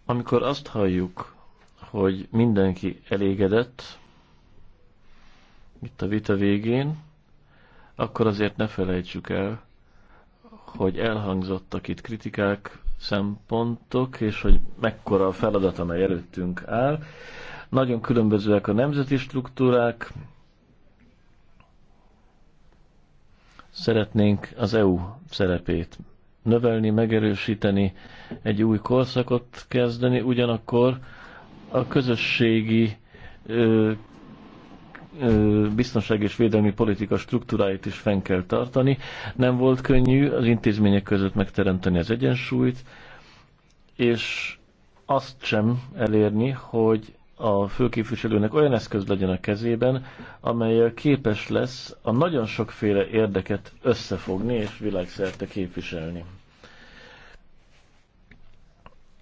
Amikor azt halljuk, hogy mindenki elégedett itt a vita végén, akkor azért ne felejtsük el, hogy elhangzottak itt kritikák, szempontok, és hogy mekkora a feladat, amely előttünk áll. Nagyon különbözőek a nemzeti struktúrák. Szeretnénk az EU szerepét növelni, megerősíteni, egy új korszakot kezdeni, ugyanakkor a közösségi ö, ö, biztonság és védelmi politika struktúráit is fenn kell tartani. Nem volt könnyű az intézmények között megteremteni az egyensúlyt, és azt sem elérni, hogy a főképviselőnek olyan eszköz legyen a kezében, amely képes lesz a nagyon sokféle érdeket összefogni és világszerte képviselni.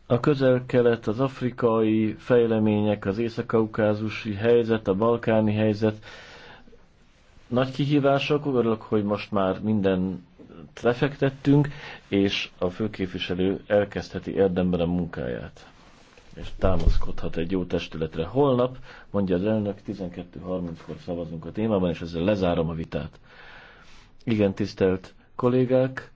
A közel-kelet, az afrikai fejlemények, az észak-kaukázusi helyzet, a balkáni helyzet nagy kihívások, örülök, hogy most már minden lefektettünk, és a főképviselő elkezdheti érdemben a munkáját és támaszkodhat egy jó testületre. Holnap, mondja az elnök, 12.30-kor szavazunk a témában, és ezzel lezárom a vitát. Igen, tisztelt kollégák!